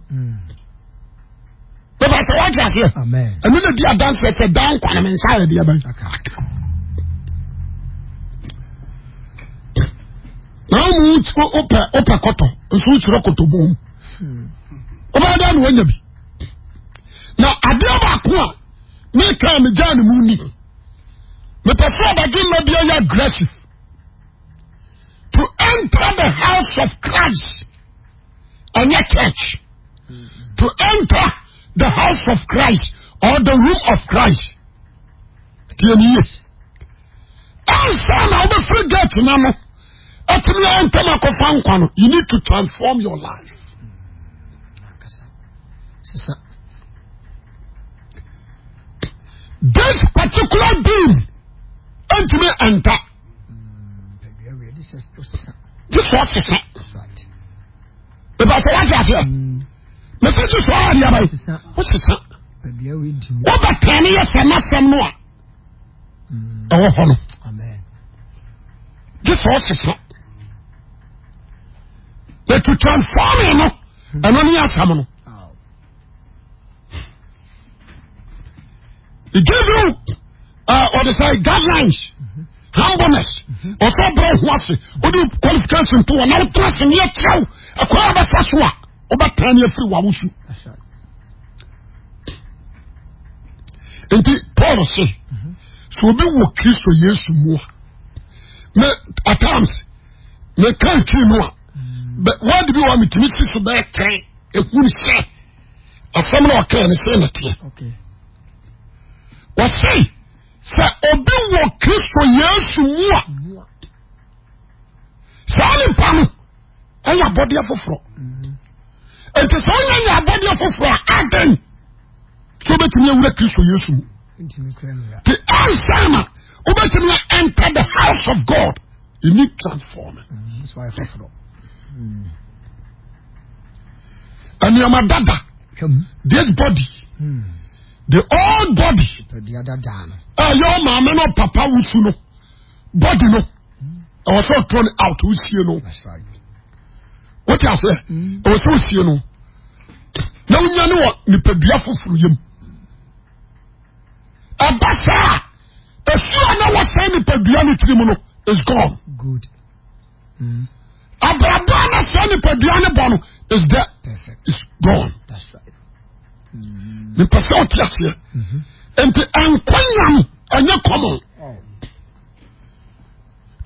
bɛba sɛ woate aseɛ ɛno na di adanseɛ sɛ daa nkwane me nsa yɛdeɛ bɛn namu wopɛ wopɛ kɔtɔ nso wokyerɛ kɔtɔ bom wobɛyɛ dɛ na wanya bi na adeɛ baako a mekaa megyaa ne mu ni mepɛ sɛ ɔbɛgye mma bia yɛ aggressive to enter the house of Christ and your church. Mm -hmm. To enter the house of Christ or the room of Christ. Answer now the free gate now. You need to transform your life. This particular being, enter. jisọ sisa ìbáṣẹ wájú àfẹ mẹsẹ jisọ àrí àbá yìí ó sisa ó bẹ tẹ̀lé yẹ sẹ́mi sẹ́mi nù à ẹ̀wọ̀ hàn jisọ sisa ètò transforming no ẹ̀nà ní àsàmù no ìdíbi ọ̀dẹ̀sẹ̀ guidelines humbleness ɔsɛ brɛ ho ase wode qualification to wɔ na wotena se neɛ kyerɛw ɛkora wobɛfa so a wobɛtaa ne afiri wawo su nti paul se mm-hmm. sɛ obi wɔ kristo yesu mu a na at times meka nkiri mu a mm. wade bi wɔ metumi si so bɛyɛ kɛn ɛhunu sɛ asɛm na ɔkaɛ ne sɛ nɛteɛ wɔsei sɛ obi wɔ kristo yesu mu a saa nipa no ɛyɛ abɔdeɛ foforɔ nti sɛ ɔnyɛ nyɛ abɔdeɛ foforɔ a adan sɛ wobɛtumi awura kristo yesu mu nti ansa na wobɛtumi enter the house of god you need transforming ɛnneɛma dada dead body mm the old body ɛyɛ maame no papa wusu no body no ɛwɔ sɛ ɔtɔ no out wosie no wote asɛ ɛwɔ sɛ wosie no na wonya ne wɔ nipadua foforo yam ɛba saa ɛsua na wɔsɛe nipadua no tiri mu no is gone abrabɔ a na sɛe nipadua no bɔ no is there is gone That's right mepɛ sɛ wote aseɛ nti ɛnkwanyam ɛnyɛ common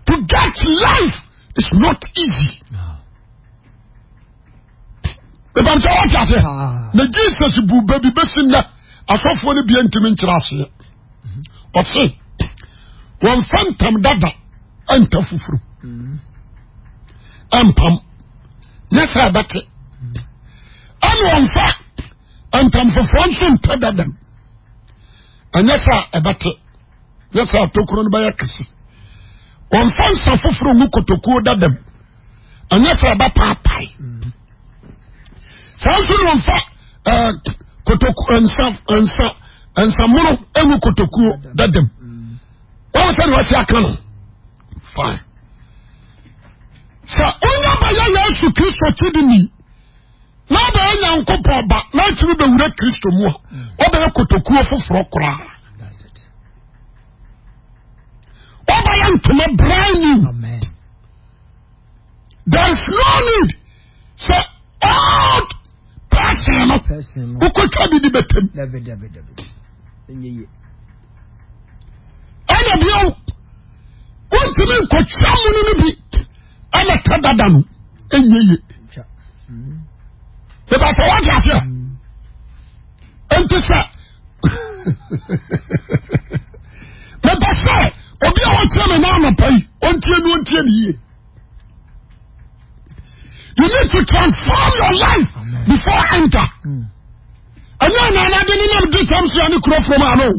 to get life is not easy mepɛ sɛ wote aseɛ ah. na jesus bu baabi bɛsi nnɛ asɔfoɔ no bia ntimi nkyerɛ aseɛ ɔse wɔmfa ntam dada ɛnta foforo ɛmpam ne sɛ ɛbɛte ɛne wɔmfa ntam foforɔ nso mpɛ dadam ɛnyɛ sɛ ɛbɛte nyɛ sɛ atokuro no bɛyɛ kɛse wɔmfa nsa foforɔ ngu kotokuo dadam ɛnyɛ sɛ ɛbɛpaapae saa nso no wɔmfa kotokuo nsa nsa nsamono ngu kotokuo dadam wɔn sɛ ne wɔte aka no fine sɛ onyabayɛ yesu kristo ti di na ɔbɛyɛ nyankopɔn ba na akyiri bɛwura kristo mu a ɔbɛyɛ kotokuo foforɔ koraa ɔbɛyɛ ntoma brani there is no need sɛ old person no wokɔtwa didi bɛtam ɛna bio wontumi nkɔtwa mu no no bi ɛna ta dada no ɛnyɛ ye because I want to hear. And to say, the pastor, or be our son and armor pay, on ten, on ten year. You need to transform your life before enter. And then I didn't know the times you are from I know.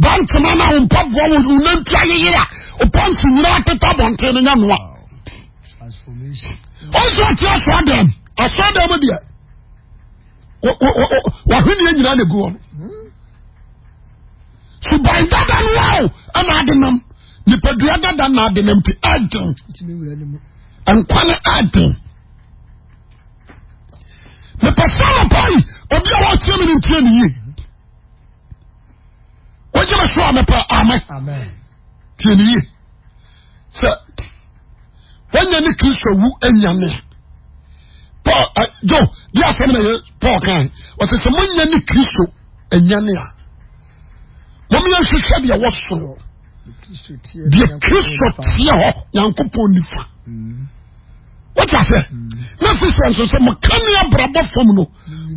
Bantu mana umpa vwa unentia yeye upansi nira teta bonte ni nyanwa. Transformation. Also, I saw them. I saw them there wahweneɛ nyinaa na gu hɔ suban dada o ɛna ade nam nipadua dada na ade nam ti ɛden nkwa ne ɛden mepɛ sɛ nɔpɔi obi a wɔkyerɛ me no ntie ne yie wogye me so a mepɛ amɛ tie ne yie sɛ woanya ne kristo wu anya ne a Paul uh, jo yẹ asẹmu na yẹ Paul kan ọsẹ sẹ mo nya ni kristo ẹnya ni a mo mi yẹn hyehyẹ deɛ wɔ soro deɛ kristo tie hɔ yanko pɔn nifa wọ́n ase náà sísè nso sẹ mo kàn ní abrabọ fam no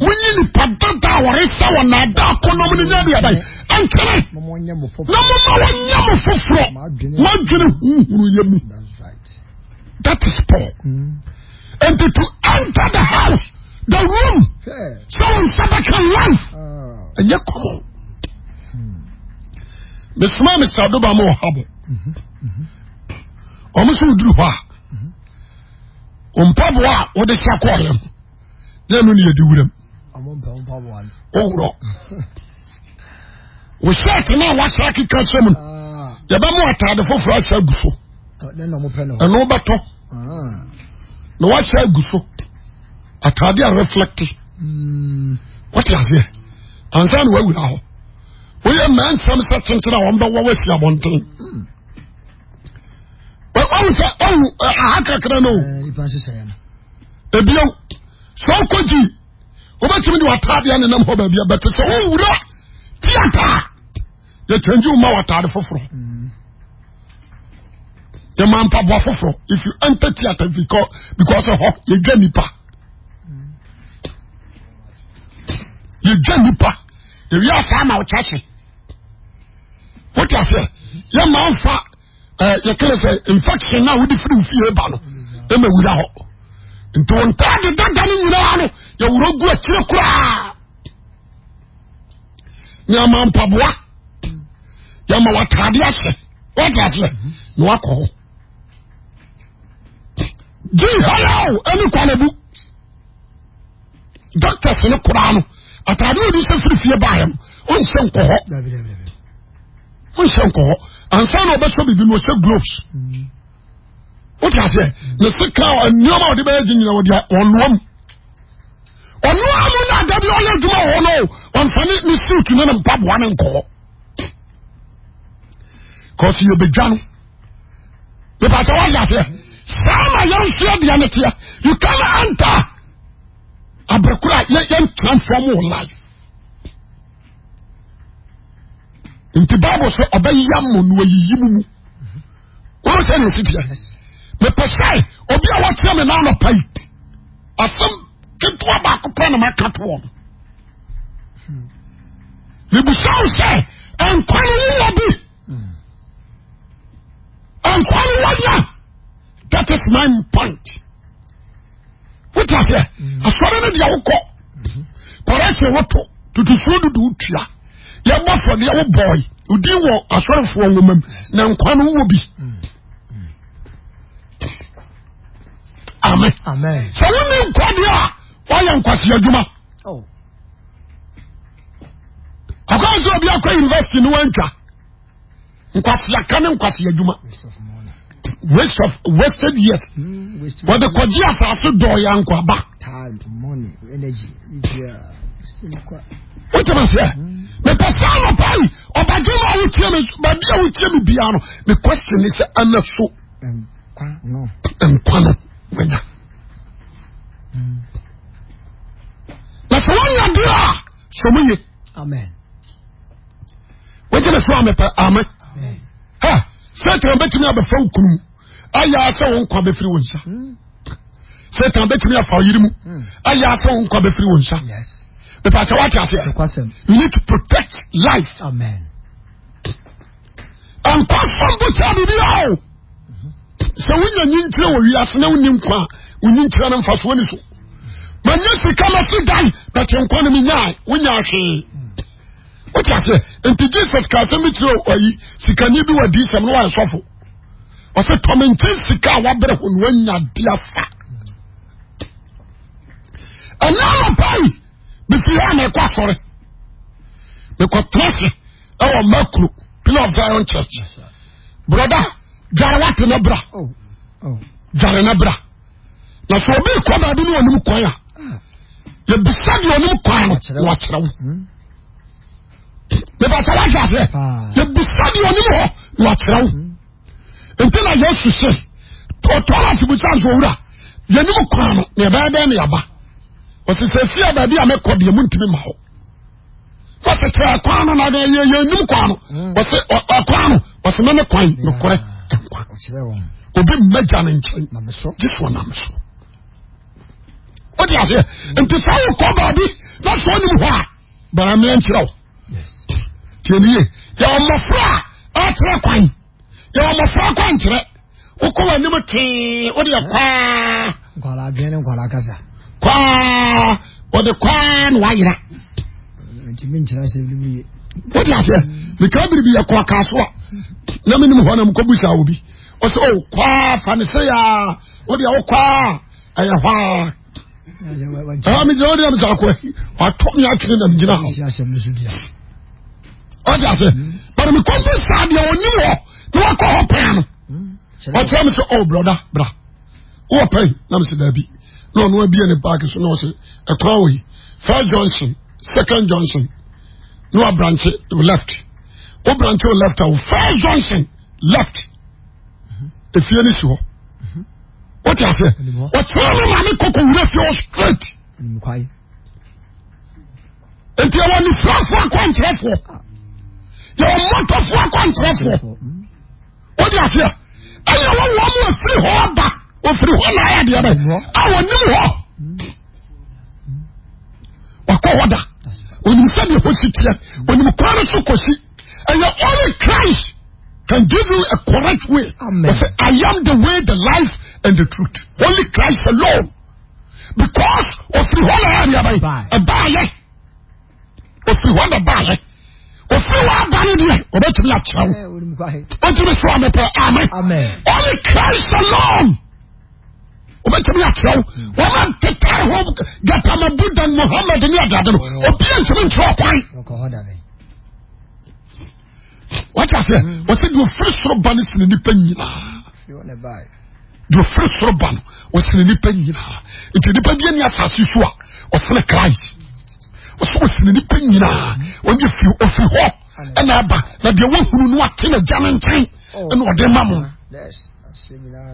mo nyi nípa dada àwọ̀rẹ́ sá wọn náà dá akọ́nà mi ní nyẹ́ bíyà báyìí ẹnkẹ́rẹ́ na mo ma wọ́n nyẹ́ mo foforọ má dwene huhuru yẹ mu that is Paul. Mm and to, enter the house, the room, yeah. so in Sabbakan life, oh. and you come on. Miss Mammy Sadoba Mohabo, Omusu Druha, Umpabwa, or the Chakwayam, then you do them. Owurɔ wò sẹ́ẹ̀tì náà wá sẹ́ẹ̀kì kan sẹ́mu yẹ bá mú àtàdé fọ́fọ́rọ́ aṣọ àgùfọ́ ẹnu bẹ tọ́ na wahyɛ agu so atade a reflecte hmm. wate aseɛ ansa na wawura hɔ woyɛ mmaa nsɛm sɛ tenten a wɔmbɛwɔ wasi abɔnten ɔwu sɛ ɔwu aha kakra no o eh, ebio sɛ ɔkɔgyi wobɛtumi de watadeɛ nenam hɔ baabi a bɛte sɛ wowura tiataa yɛkyangi wo ma wataade foforɔ hmm yɛ ma mpaboa foforɔ if you enter theatre because because ɛhɔ yɛ dwa nipa yɛ dwa nipa yɛ wi asa ama ɔkya se wotu aseɛ yɛ ma nfa ɛɛ eh, yɛ kele sɛ infection na wodi firi nfie ba no ɛma wura hɔ nti wɔn taa de dada ne nyinaa no yɛ wura gu akyire koraa yɛ ma mpaboa yɛ ma wataade ahyɛ wɔtu aseɛ na wakɔ hɔ gyi halaw ɛne kwalabu doctors ne koraa no atade odi sɛ firi fie baeɛ no ɔnhyɛ nkɔ hɔ ɔnhyɛ nkɔ hɔ ansa na ɔbɛsɔ biribi mm. no ɔhyɛ gloves wote aseɛ ne sika nneɛma a ɔde bɛyɛ gye nyina wɔde ɔnoa mu ɔnoa mu na ada bi ɔyɛ adwuma wɔ no ɔmfane ne suit ne ne mpaboa ne nkɔ hɔ kɔsi yɛbɛdwa no mepɛ sɛ wɔyɛ aseɛ saa na yɛnso adeɛ no teɛ you can enter aberekoro a yɛntransform wo life nti bible sɛ ɔbɛya mmɔ no ayiyi mu mu wɔn sɛ ne nsiteɛ mepɛ sɛ obi a wɔteɛ me na anɔpa yi asɛm ketewa baako pɛ na maka toɔ no hmm. mebusa wo sɛ nkwa no yɛ bi that's my point wotu ase asɔre no deɛ wokɔ kɔrɛkye woto tutusuo dodo wotua yɛbɔ fɔ deɛ wobɔe odin wɔ asɔrefoɔ nwoma mu na nkwa no bi mm-hmm. amen sɛ wone nkwa deɛ a woayɛ nkwate Oh. ɔkwan sɛ obi akɔ university no wantwa nkwaseaka ne nkwase adwuma waste of wasted years wɔde kɔgye afaase dɔɔyɛ nkwaba wotem aseɛ mepɛ sɛ anɔpa yi ɔbagye ma wotie me baabi a wotie me biara no mekwɛse ne sɛ ana so nkwa no wanya na sɛ wonya deɛ a sɛ monye wogyeme so a mepɛ ame sɛ tɛ bɛtumi abɛfa wo kunumu ayɛ asɛ wo nkwa bɛfiri wo nsa hmm. satan bɛtumi afa yiri mu hmm. ayɛ asɛ wo nkwa bɛfiri wo nsa mepɛ sɛ woate aseɛ you need to protect life ɛnkwa sɔm bo kyɛ biribia o sɛ wonya nyinkyerɛ wɔ wiase na wonni nkwa a wonyinkyerɛ no mfa so wani so manya sika ma so dan bɛte nkwa no menyaa wonya hwee wote aseɛ enti jesus ka asɛm kyerɛ ayi sikani bi wɔ adii sɛm no wayɛ sɔfo ɔsɛ tɔmente sika a wabrɛ ho no wanya de afa ɛna anɔpai mefiri hɔ a na ɛkɔ asɔre mekɔtena se ɛwɔ makro pillar of zion church broda dware wate no bra dware oh, oh. no bra na sɛ obi kɔ baabi ne ɔnim kwan a ah. yɛbisa deɛ ɔnim kwan no wɔkyerɛ wo mepɛ sɛ woahwɛ aseɛ ah. yɛbisa deɛ ɔnim hɔ wɔkyerɛ wo hmm nti na yɛ su se ɔtɔɔla tibusa nso owura yɛnim kwan no na yɛbɛyɛ dɛn na yɛba wɔsi sɛ fi a baabi a mɛkɔ deɛ mu ntumi ma hɔ wɔsi kyerɛ kwan no na yɛ yɛnim kwan no wɔsi hmm. ɔkwan no wɔsi mɛmɛ kwan hmm. nokorɛ nkwa obi mmɛgya ne nkyɛn jesu ɔnam so o di aseɛ nti saa yɛ kɔ baabi na sɔɔ nim hɔ a bɛrɛ mɛ nkyerɛw tiɛ niye yɛ ɔmɔfra a ɔkyerɛ kwan yɛwɔ mmɔfra kɔ nkyerɛ wokɔ w'anim tee wode yɛ kwaa nkwalaa dwene nkwalaa kasa kwaa wɔde kwaa na wayera ntumi nkyerɛ sɛ biribi yɛ wode aseɛ meka biribi yɛ kɔ kaaso a na menim hɔ na mkɔbusa wo bi ɔsɛ o kwaa fa ne sɛ a wode a wo kwaa ɛyɛ hɔ a ɛwa megyina wode am sɛ akɔ watɔ me atwene nam gyina hɔ ɔde aseɛ but mekɔmbu saa deɛ ɔnim wɔ tí wọ́n kọ́ ọ pẹ́yà no ọ̀kyerẹ́ mi sọ ọ̀ oh, broda bra wọ́n pẹ́yì náà mi sọ dàbí náà ọ̀nà ẹbí ẹni paaki so náà ọ̀sẹ̀ ẹ̀kọ́ àwọ̀ yìí first Johnson, second Johnson. ní wà branch to left wọ́n branch to left àwọ̀ first Johnson left hmm. efie ni si hɔ hmm. wọ́n ti àfẹ́ ọ̀kyerẹ́ mi maame koko wúlò fi ọ̀ straight nti ẹ̀wọ̀n ni fúláfúá kọ́ ntẹ́fọ̀ ah. yẹ wọ́n mọ́tò fúláfúá kọ́ ntẹ́fọ̀. Hmm o di aseɛ ɛna wɔn wɔn mu ofiri hɔ ba ofiri hɔ na ayɛ adeɛ bɛ a wɔnim hɔ wakɔ hɔ da onim sɛdeɛ hɔ si teɛ onim kwan no so kɔsi ɛyɛ only Christ can give you a correct way Amen. I am the way the life and the truth only Christ alone because ofiri hɔ na ayɛ adeɛ bɛ ɛbaayɛ ofiri hɔ na baayɛ ofiri wa eh, o deɛ ɔbɛtumi akyerɛw ɔtumi so amepɛ amen Only christ alone ɔbɛtumi akyerɛw wɔma ntetae hɔ gatama buda mohammed ne adade no obia ntumi nkyerɛ ɔkwan wata sɛ wɔsɛ deɛ ofiri soro ba no sene nipa nyinaa deɛ ofiri soro ba no ɔsene nipa nyinaa nti nipa bia ne asase so a ɔsene christ wosini nipa nyinaa wɔn gye fi ofi hɔ ɛna aba na deɛ wɔhunu no ate na gya ne nkyɛn oh. ɛna ɔde ma mo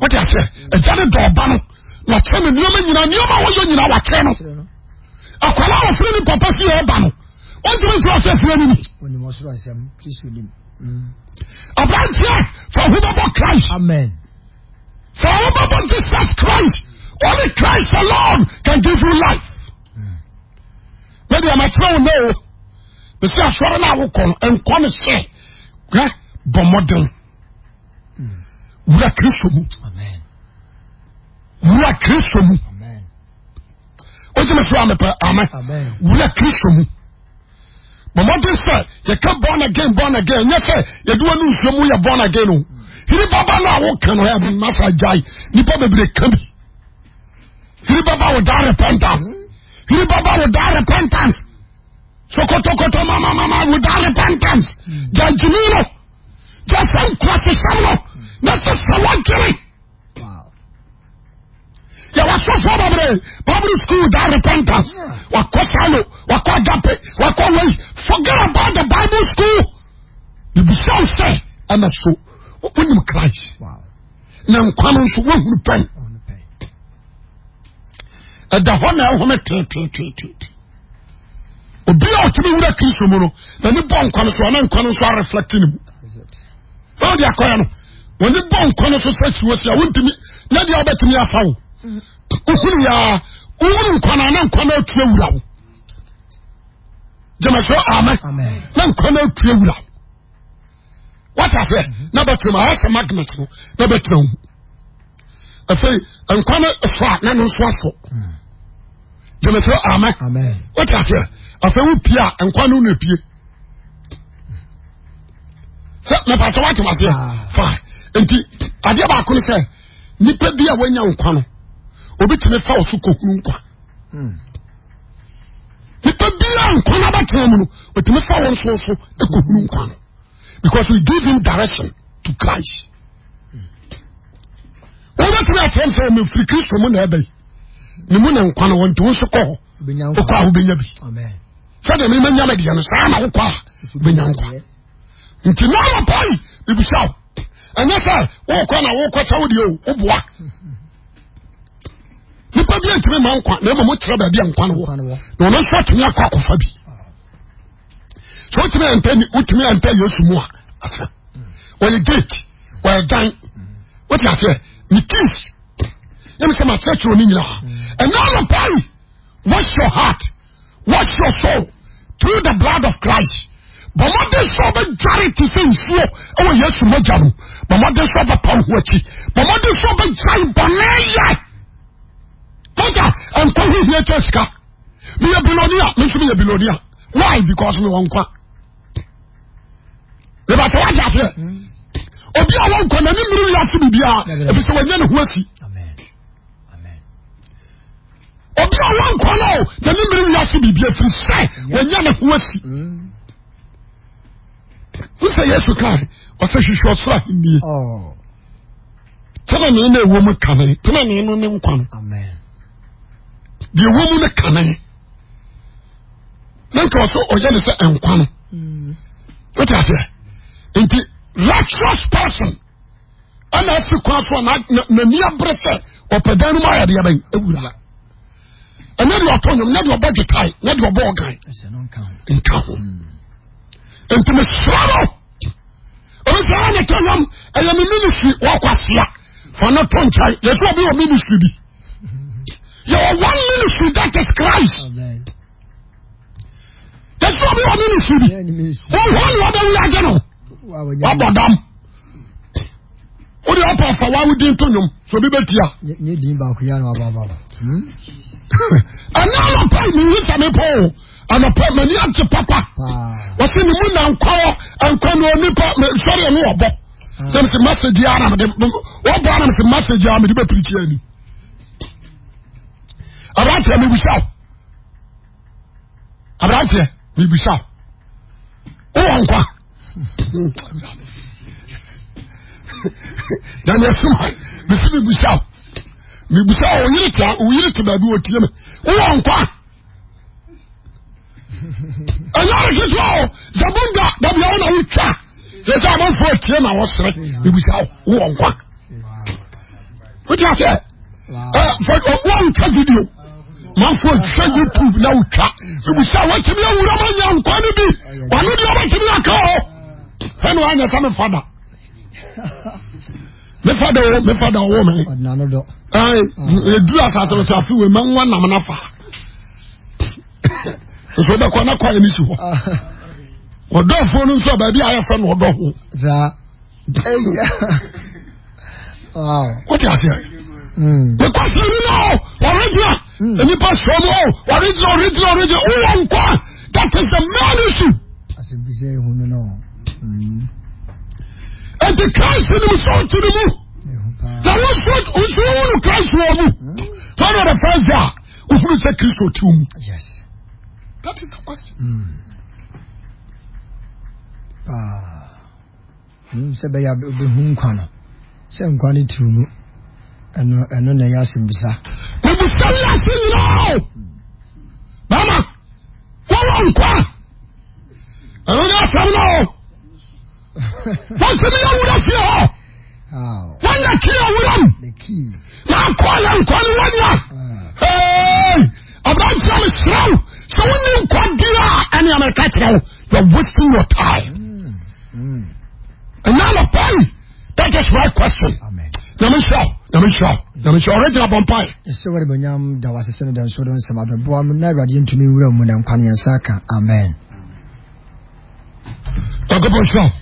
wɔde akyɛ ɛgya ne dɔɔba no na kyɛ ne nneɛma nyinaa nneɛma a wɔyɛ nyinaa wakyɛ no akwadaa a wɔfiri ne papa fi ɔba no wɔn ti mi fi ɔsɛ fi ɛnu ni. Mm. fa ho bɛbɔ christ fa ho bɛbɔ jesus christ only christ alone can give you life yɛde amakyerɛ wo na o bɛsi asɔre no a wokɔ no ɛnkɔ no sɛ hɛ bɔ mmɔden wura kristo mu wura kristo mu wogyeme so amepɛ amɛ wura kristo mu bɔ mmɔden sɛ yɛka born again born again nyɛ sɛ yɛde wɔ no nsuo mu yɛ born again o hiri baba no a woka no ɛmasa gyae nnipa bebree ka bi hiri baba wo da repentance Ribaba without repentance. Sokotokoto mama mama without repentance. Janjimino. Just some kwasi Yeah, Nasa sawakiri. Ya wasofo babere. Babere school without repentance. Wako salo. Wako agape. Wako wei. Forget about the Bible school. You be so i Nibisa ose. Ana so. Wonim Christ. Na nkwano nso wohunu pɛn. ɛda hɔ na ɛhome tetetetete obi a ɔtumi wura kristo mu no n'ani bɔ nkwa no so ɔne nkwa no nso areflɛkte ne mu wɔn de akɔyɛ no wɔne bɔ nkwa no so sɛ si wɔsi a wɔntumi na deɛ ɔbɛtumi afa wo ohun ya ohun nkwa na ne nkwa na etu ewura wo jɛmɛsɛ amen na nkwa na etu ewura wo wata fɛ na bɛtuma a yɛ sɛ magnet no na bɛtuma wo afei nkwa na efa na ne nso afɔ. Hmm jẹmẹsẹ amẹ o ti ase afẹwu pia nkwanu na pie sẹ mẹpàtọ wa ti ma ah. se fa nti adeɛ baako ni sɛ nipa bi a wanya nkwanu obi tẹmẹ fa ọsọ kokuru nkwa nipa bi a nkwanu abatẹn mu no otẹmẹ fa wọn soso ekokuru nkwanu because we give him direction to Christ wọn bɛ tẹmẹ akyerɛ sɛ ɔmɛ firi kristu mu na ɛbɛ yi ne mu ne nkwa no wɔn nti nso kɔ hɔ okɔ a wobɛnya bi sɛdeɛ mema nya no deɛ no saa na wokɔ a wobɛnya nkwa nti na anɔpa yi ebisa wo ɛnyɛ sɛ wokɔ na wokɔ kyɛ wodeɛ o woboa nipa bi ntumi ma nkwa na mmom kyerɛ baabi a nkwa no wɔ na ɔno nso atumi akɔ akɔfa bi sɛ wotumi anta ni wotumi anta yesu mu a asa wɔyɛ gate wɔyɛ dan wote aseɛ ne keys yẹn sẹ ma kyerɛkyerɛ ne nyinaa ɛnna ɔno pari wash your heart wash your soul through the blood of Christ bɔmɔde sɔ bɛ dware ti sɛ nsuo ɛwɔ Yesu mogya no bɔmɔde sɔ bɛ pa ohu akyi bɔmɔde sɔ bɛ dware bɔnɛ yɛ mɔgya nkɔ huhie kyɛ sika meyɛ bilonia me nso meyɛ bilonia why because me wɔn nkwa nebata wagya aseɛ mm. obi a wɔn nkɔ n'anim mmiri yɛ ase bibiara ebi sɛ wɔnyɛ ne ho asi obi a wọn kọ náà na ne mmiri yasi bibi efiri sẹ wọnyẹ ne ho esi nsa yesu kae ọsẹ hwehwẹ ọsoro ahimie oh. tẹnani na ewo mu kane tẹnani no ne nkwan deɛ ewo mu ne kane na nka ɔsɛ ɔyɛ ne sɛ nkwan mm. wote aseɛ nti righteous person ɛna ɛsi kwan so a n'ani abere sɛ ɔpɛ dan no mu ayɛ deɛ bɛn ewura ɛnɛ deɛ ɔtɔ nwom na deɛ ɔbɔ gyetae na deɛ ɔbɔ ɔgan nka ho nti mesoro ɔbɛsɛa ne ka nwom ɛyɛ me ministry wɔkɔ asea fa ne tɔ nkyae yɛ sɛ ɔbɛyɛ ministry bi <laughs> yɛwɔ one ministry that is christ yɛ sɛ ɔbɛyɛ ministry bi wohɔ ne wɔbɛwura agye no wabɔ dam wode ɔpɛ ɔfa wa wodin to nwom sọbi bẹ tia. nye din baako yára wa bàbá wa. ẹnna anapa mi yi sami pọ o anapa mi ni ati papa wasi ni mu na nkọ nkọ ni onipa sọrọ ni ọbọ dem si message ara mi wọn bọ ara si message ara mi de bẹ pirikyi ẹni aberanteɛ mi bisa o aberanteɛ mi bisa o wɔ nkwa. <laughs> <laughs> daniel sima bisi mi busa o <laughs> mi busa o yiri ti o yiri ti baabi o tie mi o wa nkwa ɛnyɛrɛ kisi o zabunda dabi awo na o twa yɛsɛ a ma fɔ o tie na o sere mi busa o o wa nkwa o ti a fɛ ɛ fɔ o wa nkwa video ma fɔ o twa youtube na o twa mi busa o wa ti mi awura ma nya nkwa ni bi wa ni bi o ma ti mi aka o ɛnu wa nyɛ sami fada me father wo me father wo me ọdinano dọ ayi ah. edu asatoro safi wo ma nwa nam nafa nso de kọ na kọ ẹni si hɔ ɔdɔfo ah. no nso baabi ayɛ fɛ no ɔdɔfo. saa o ti ase yɛ. because you know original enipa hmm. sɔmu o original original original o wa nkwa that is the main issue. asebisɛ ehun nínú. Eti Christ ni musa oti ni mu. Na wọ́n sọ oṣù wọn ní Christ wọ̀ mu. One of the first day a òfin sẹ Christ oti mu. Yes. That is the question. Sẹ bẹ ya bẹ hu nkwa no, sẹ nkwa ni tiri mu, ẹnu ẹnu na yà sẹ bisa. Ebusa lasi nyinaa o, mama, wọ́n wọ nkwa, ẹnu ni asam náà o wọ́n ti mi yẹ wúlò fi hàn wọ́n yẹ kí yẹ wúlò mu náà kọ́ yẹ nkọ́ ni wọ́n yà ah. abirante mi siraw sọ wọn ni nkọ́ dira ẹni amẹrika kyerẹ o you are wasting your time ẹnna lọ pẹ́ẹ́lí that is right question nyamisiraw nyamisiraw nyamisiraw ọ̀rẹ́dì abọ́mpa yẹ. ẹsẹ wẹrẹ bẹ nyam da wa sẹsẹ ni da nsuo do nsẹm abẹbọ ọmọ náà ìwádìí ntumi wúrọ mu na nkwa ni ẹnsa kan amen.